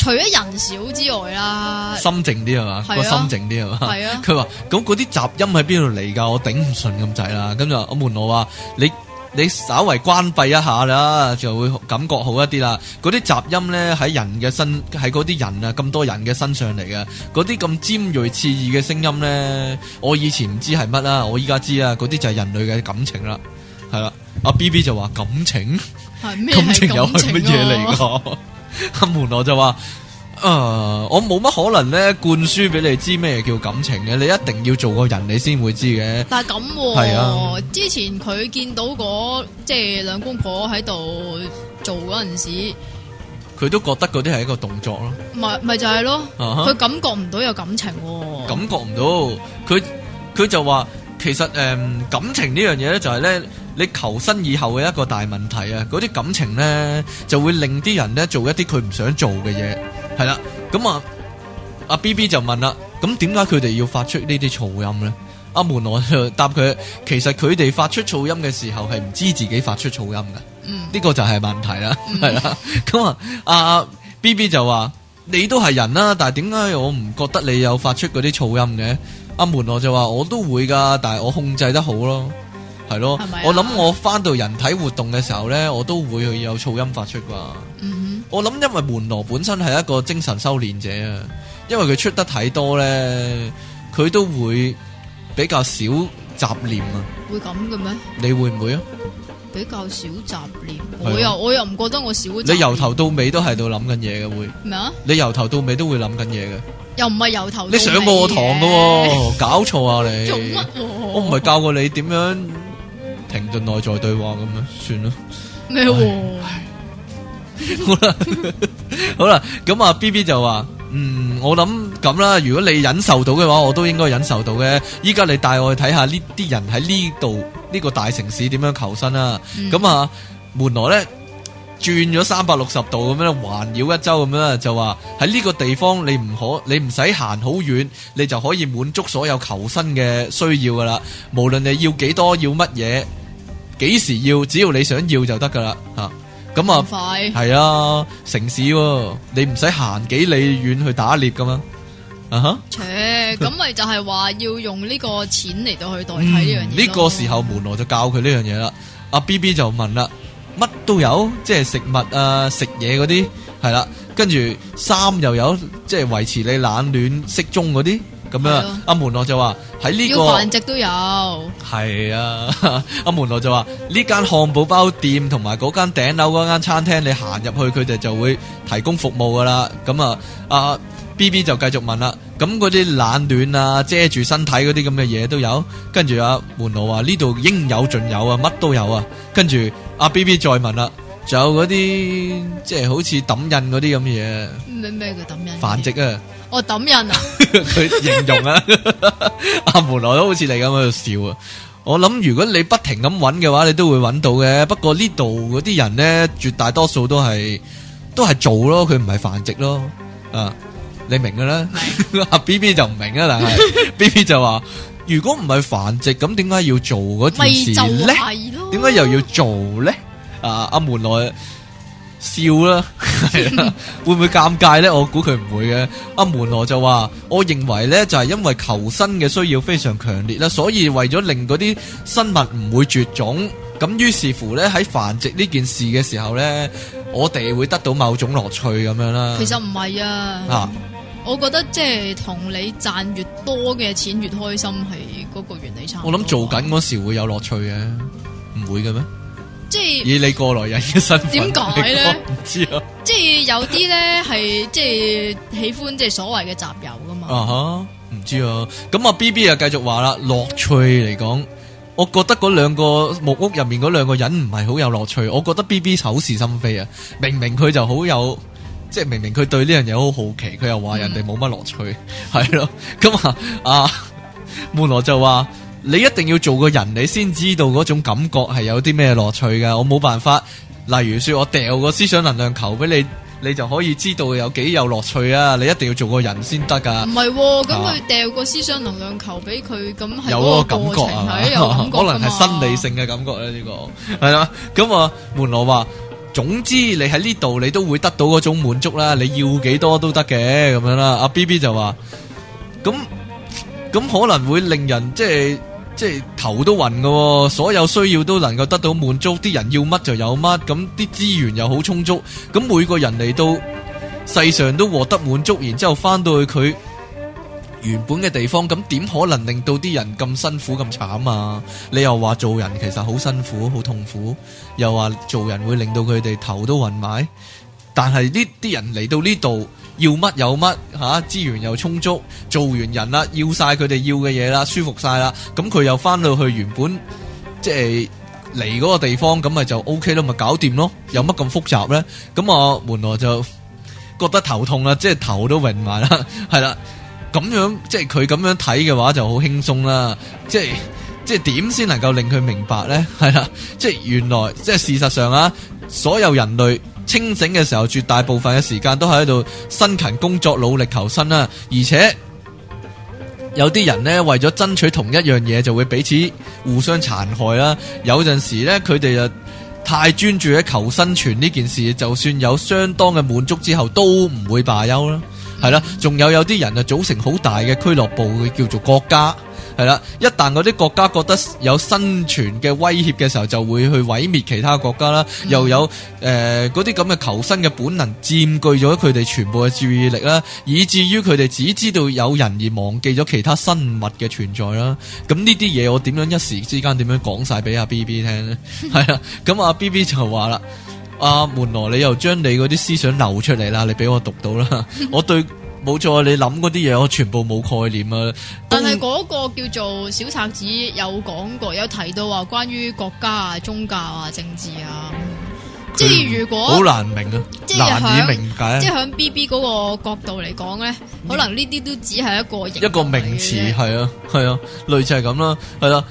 除咗人少之外啦，心靜啲係嘛，啊、個心靜啲係嘛。係啊，佢話咁嗰啲雜音喺邊度嚟噶？我頂唔順咁滯啦，跟住我門羅話你，你稍微關閉一下啦，就會感覺好一啲啦。嗰啲雜音咧喺人嘅身，喺嗰啲人啊，咁多人嘅身上嚟嘅，嗰啲咁尖銳刺耳嘅聲音咧，我以前唔知係乜啦，我依家知啊，嗰啲就係人類嘅感情啦，係啦。阿、啊、B B 就話感情，感情，感情又係乜嘢嚟噶？ 阿、啊、門我就話，誒、啊，我冇乜可能咧灌輸俾你知咩叫感情嘅，你一定要做個人，你先會知嘅。但係咁，係啊，啊之前佢見到嗰即係兩公婆喺度做嗰陣時，佢都覺得嗰啲係一個動作、啊、咯。咪咪就係咯，佢感覺唔到有感情、啊，感覺唔到。佢佢就話，其實誒、嗯、感情呢樣嘢咧就係咧。你求生以後嘅一個大問題啊，嗰啲感情咧就會令啲人咧做一啲佢唔想做嘅嘢。係啦，咁啊阿 B B 就問啦，咁點解佢哋要發出呢啲噪音咧？阿、啊、門羅就答佢，其實佢哋發出噪音嘅時候係唔知自己發出噪音噶，呢、嗯、個就係問題啦，係啦，咁、嗯、 啊阿 B B 就話你都係人啦、啊，但係點解我唔覺得你有發出嗰啲噪音嘅？阿、啊、門羅就話我都會噶，但係我控制得好咯。係咯，係咪啊，我諗我翻到人體活動嘅時候咧，我都會去有噪音發出啩，啊。嗯、哼我諗因為門羅本身係一個精神修煉者啊，因為佢出得太多咧，佢都會比較少雜念啊。會咁嘅咩？你會唔會啊？比較少雜念，我又我又唔覺得我少。你由頭到尾都喺度諗緊嘢嘅，會咩啊？麼你由頭到尾都會諗緊嘢嘅，又唔係由頭。你上過我堂嘅，啊， 搞錯啊你！做乜？我唔係教過你點樣停頓內在對話咁樣，算啦。咩？好啦，好啦、啊，咁啊，B B 就話，嗯，我諗咁啦。如果你忍受到嘅話，我都應該忍受到嘅。依家你帶我去睇下呢啲人喺呢度呢個大城市點樣求生啊。嗯。咁啊，門羅咧轉咗三百六十度咁樣環繞一周咁樣，就話喺呢個地方你唔可，你唔使行好遠，你就可以滿足所有求生嘅需要噶啦。無論你要幾多，要乜嘢。幾時要？只要你想要就得噶啦。吓，咁快啊？係啊，城市你唔使行幾里遠去打獵噶嘛，啊哈？切，咁咪就係話要用呢個錢嚟到去代替呢樣嘢。呢個時候門羅就教佢呢樣嘢啦。阿 BB 就問啦，乜都有，即係食物啊，食嘢嗰啲係啦，跟住衫又有，即係維持你冷暖適中嗰啲。咁的啊！阿門羅就話喺呢個要繁殖都有，係啊！阿、啊、門羅就話呢間漢堡包店同埋嗰間頂樓嗰間餐廳，你行入去佢哋就會提供服務噶啦。咁啊，阿、啊、B B 就繼續問啦。咁嗰啲冷暖啊，遮住身體嗰啲咁嘅嘢都有。跟住阿門羅話呢度應有盡有啊，乜都有啊。跟住阿、啊、B B 再問啦，仲有嗰啲即係好似抌印嗰啲咁嘅嘢。咩咩嘅抌印？繁殖啊！我抌人啊！佢形容啊，阿門羅都好似你咁喺度笑啊！我諗如果你不停咁揾嘅話，你都會揾到嘅。不過呢度嗰啲人咧，絕大多數都係都係做咯，佢唔係繁殖咯。啊，你明噶啦？啊 B B 就唔明啊，但係 B B 就話如果唔係繁殖，咁點解要做嗰件事咧？點解又要做咧？啊，阿門羅。笑啦，係 會唔會尷尬呢？我估佢唔會嘅。阿、啊、門羅就話，我認為呢就係、是、因為求生嘅需要非常強烈啦，所以為咗令嗰啲生物唔會絕種，咁於是乎呢，喺繁殖呢件事嘅時候呢，我哋會得到某種樂趣咁樣啦。其實唔係啊，啊我覺得即係同你賺越多嘅錢越開心係嗰個原理差。我諗做緊嗰時會有樂趣嘅，唔會嘅咩？即係以你過來人嘅身份，點解咧？唔知啊！即係有啲咧係即係喜歡即係所謂嘅集友噶嘛？啊哈！唔知啊！咁啊 B B 又繼續話啦，樂趣嚟講，我覺得嗰兩個木屋入面嗰兩個人唔係好有樂趣。我覺得 B B 口是心非啊！明明佢就好有，即係明明佢對呢樣嘢好好奇，佢又話人哋冇乜樂趣，係咯、嗯？咁啊啊，門羅就話。你一定要做個人，你先知道嗰種感覺係有啲咩樂趣噶。我冇辦法，例如說我掉個思想能量球俾你，你就可以知道有幾有樂趣啊。你一定要做個人先得噶。唔係、喔，咁佢吧掉個思想能量球俾佢，咁係嗰個過程係有感覺。感覺 可能係生理性嘅感覺咧，呢、 這個係啦。咁啊，門羅話，總之你喺呢度你都會得到嗰種滿足啦。你要幾多都得嘅咁樣啦。阿、啊、B B 就話，咁咁可能會令人即係。即係頭都暈嘅喎，所有需要都能夠得到滿足，啲人要乜就有乜，咁啲資源又好充足，咁每個人嚟到世上都獲得滿足，然之後翻到去佢原本嘅地方，咁點可能令到啲人咁辛苦咁慘啊？你又話做人其實好辛苦，好痛苦，又話做人會令到佢哋頭都暈埋，但係呢啲人嚟到呢度。要乜有乜吓，資源又充足，做完人啦，要晒佢哋要嘅嘢啦，舒服晒啦，咁佢又翻到去原本即係嚟嗰個地方，咁咪就 O K 咯，咪搞掂咯，有乜咁複雜呢？咁我門羅就覺得頭痛啦，即係頭都暈埋啦，係啦，咁樣即係佢咁樣睇嘅話就好輕鬆啦，即係即係點先能夠令佢明白呢？係啦，即係原來即係事實上啊，所有人類。清醒嘅時候，絕大部分嘅時間都喺度辛勤工作、努力求生啦、啊。而且有啲人呢，為咗爭取同一樣嘢，就會彼此互相殘害啦、啊。有陣時呢，佢哋就太專注喺求生存呢件事，就算有相當嘅滿足之後，都唔會罷休啦、啊。係啦、啊，仲有有啲人啊，組成好大嘅俱樂部，叫做國家。係啦，一旦嗰啲國家覺得有生存嘅威脅嘅時候，就會去毀滅其他國家啦。又有誒，嗰啲咁嘅求生嘅本能佔據咗佢哋全部嘅注意力啦，以至於佢哋只知道有人而忘記咗其他生物嘅存在啦。咁呢啲嘢我點樣一時之間點樣講晒俾阿 B B 聽呢？係啦， 咁阿 B B 就話啦：，阿、啊、門羅，你又將你嗰啲思想流出嚟啦，你俾我讀到啦，我對。冇錯，你諗嗰啲嘢，我全部冇概念啊！但係嗰個叫做小冊子有講過，有提到話關於國家啊、宗教啊、政治啊，即係如果好難明啊，即難以明解、啊。即係響 B B 嗰個角度嚟講咧，可能呢啲都只係一個一個名詞，係啊，係啊，類似係咁啦，係啦、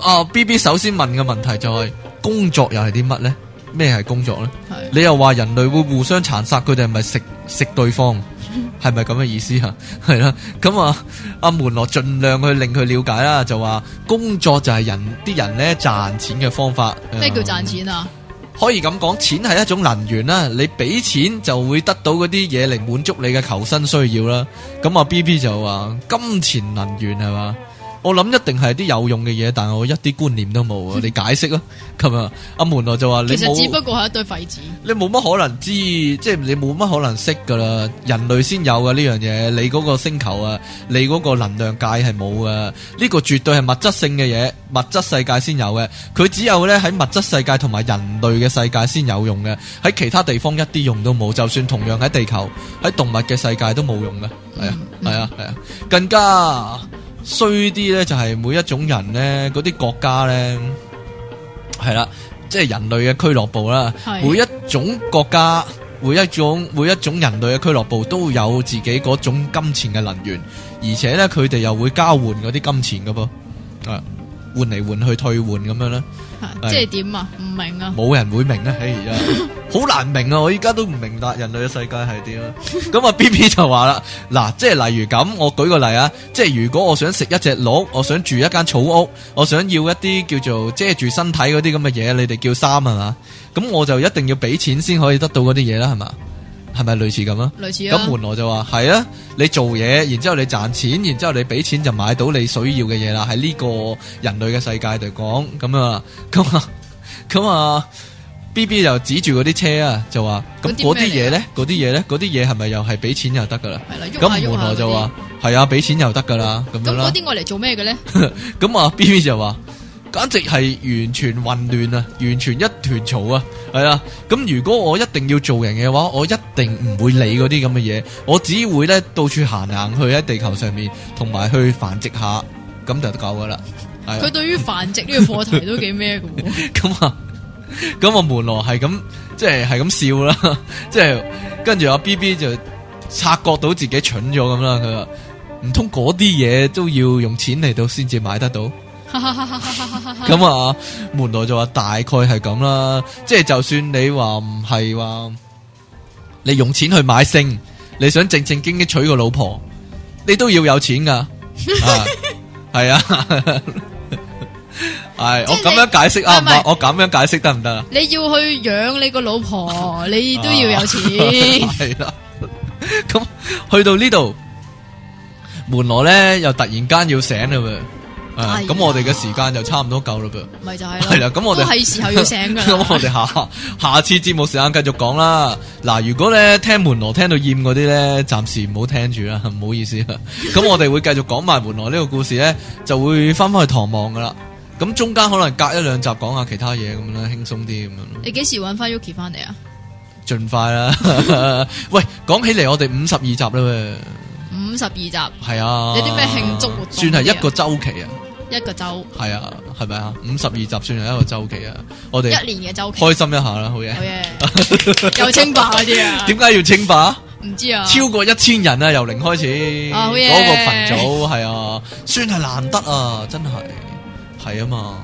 啊。啊 B B 首先問嘅問題就係、是、工作又係啲乜咧？咩係工作咧？是你又話人類會互相殘殺，佢哋係咪食食對方？係咪咁嘅意思吓？係啦，咁啊，阿、啊、門羅盡量去令佢了解啦，就話工作就係人啲人咧賺錢嘅方法。咩叫賺錢啊，啊？可以咁講，錢係一種能源啦，你俾錢就會得到嗰啲嘢嚟滿足你嘅求生需要啦。咁啊，啊，B B 就話金錢能源係嘛？我諗一定係啲有用嘅嘢，但我一啲觀念都冇啊！你解釋啊，咁啊， 阿門羅就話你其實你只不過係一堆廢紙。你冇乜可能知，即係你冇乜可能識噶啦。人類先有嘅呢樣嘢，你嗰個星球啊，你嗰個能量界係冇啊。呢、呢個絕對係物質性嘅嘢，物質世界先有嘅。佢只有咧喺物質世界同埋人類嘅世界先有用嘅。喺其他地方一啲用都冇，就算同樣喺地球，喺動物嘅世界都冇用嘅。係、哎、啊，係啊，係啊，更加。衰啲呢，就係每一種人呢，嗰啲國家呢，係啦，即係人類嘅俱樂部啦。係每一種國家，每一種每一種人類嘅俱樂部都有自己嗰種金錢嘅能源，而且呢，佢哋又會交換嗰啲金錢噶噃，啊，換嚟換去，退換咁樣咧。即係點啊？哎、唔明啊！冇人會明啊！而家好難明啊！我依家都唔明白人類嘅世界係點啊。咁啊 B B 就話啦，嗱，即係例如咁，我舉個例啊，即係如果我想食一隻鹿，我想住一間草屋，我想要一啲叫做遮住身體嗰啲咁嘅嘢，你哋叫衫係嘛？咁我就一定要俾錢先可以得到嗰啲嘢啦，係嘛？係咪類似咁啊？類似啊！咁門羅就話：係啊，你做嘢，然之後你賺錢，然之後你俾錢就買到你需要嘅嘢啦。喺呢個人類嘅世界嚟講，咁啊，咁啊，咁啊，B B 就指住嗰啲車啊，就話：咁嗰啲嘢咧，嗰啲嘢咧，嗰啲嘢係咪又係俾錢又得噶啦？係啦那，咁門羅就話：係 啊，俾錢又得噶啦，咁啦。咁嗰啲我嚟做咩嘅咧？咁啊，B B 就話。簡直係完全混亂啊，完全一團嘈啊，係啊！咁如果我一定要做人嘅話，我一定唔會理嗰啲咁嘅嘢，我只會咧到處行行去喺地球上面，同埋去繁殖下，咁就得夠噶啦。佢、啊、對於繁殖呢個課題 都幾咩嘅喎？咁 啊，咁啊，門羅係咁，即係係咁笑啦、就是，即係跟住阿 B B 就察覺到自己蠢咗咁啦，佢話唔通嗰啲嘢都要用錢嚟到先至買得到？咁啊， 門羅就話大概係咁啦，即係就算你話唔係話，你用錢去買性，你想正正經經娶個老婆，你都要有錢噶，係 啊，係、啊 欸、我咁樣解釋啊，唔係我咁樣解釋得唔得啊？你要去養你個老婆， 你都要有錢，係啦、啊。咁 是、啊 嗯、 去到呢度，門羅咧又突然間要醒啦 咁、啊嗯、我哋嘅時間就差唔多夠啦噃，咪、嗯啊、就係咯，啊、我都係時候要醒噶。咁 我哋下 下次節目時間繼續講啦。嗱，如果咧聽門羅聽到厭嗰啲咧，暫時唔好聽住啦，唔好意思。咁 我哋會繼續講埋門羅呢個故事咧，就會翻翻去唐望噶啦。咁中間可能隔一兩集講下其他嘢咁啦，輕鬆啲咁樣。你幾時搵翻 Yuki 翻嚟啊？盡快啦。喂， 講起嚟我哋五十二集啦。五十二集係啊，有啲咩慶祝活動？算係一個週期啊，一個週係啊，係咪啊？五十二集算係一個週期啊，我哋一年嘅週期，開心一下啦，好嘢！好嘢！又清白啲啊？點解要清白？唔知啊。超過一千人啊，由零開始，嗰個群組係啊，算係難得啊，真係，係啊嘛，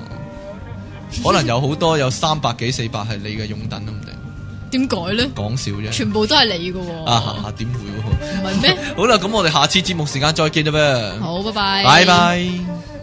可能有好多、有三百幾四百係你嘅擁躉都唔定。點改咧？講笑啫，全部都係你嘅喔。啊吓吓，點會喔？唔係咩？ 好啦，咁我哋下次節目時間再見啦咩？好，拜拜，拜拜。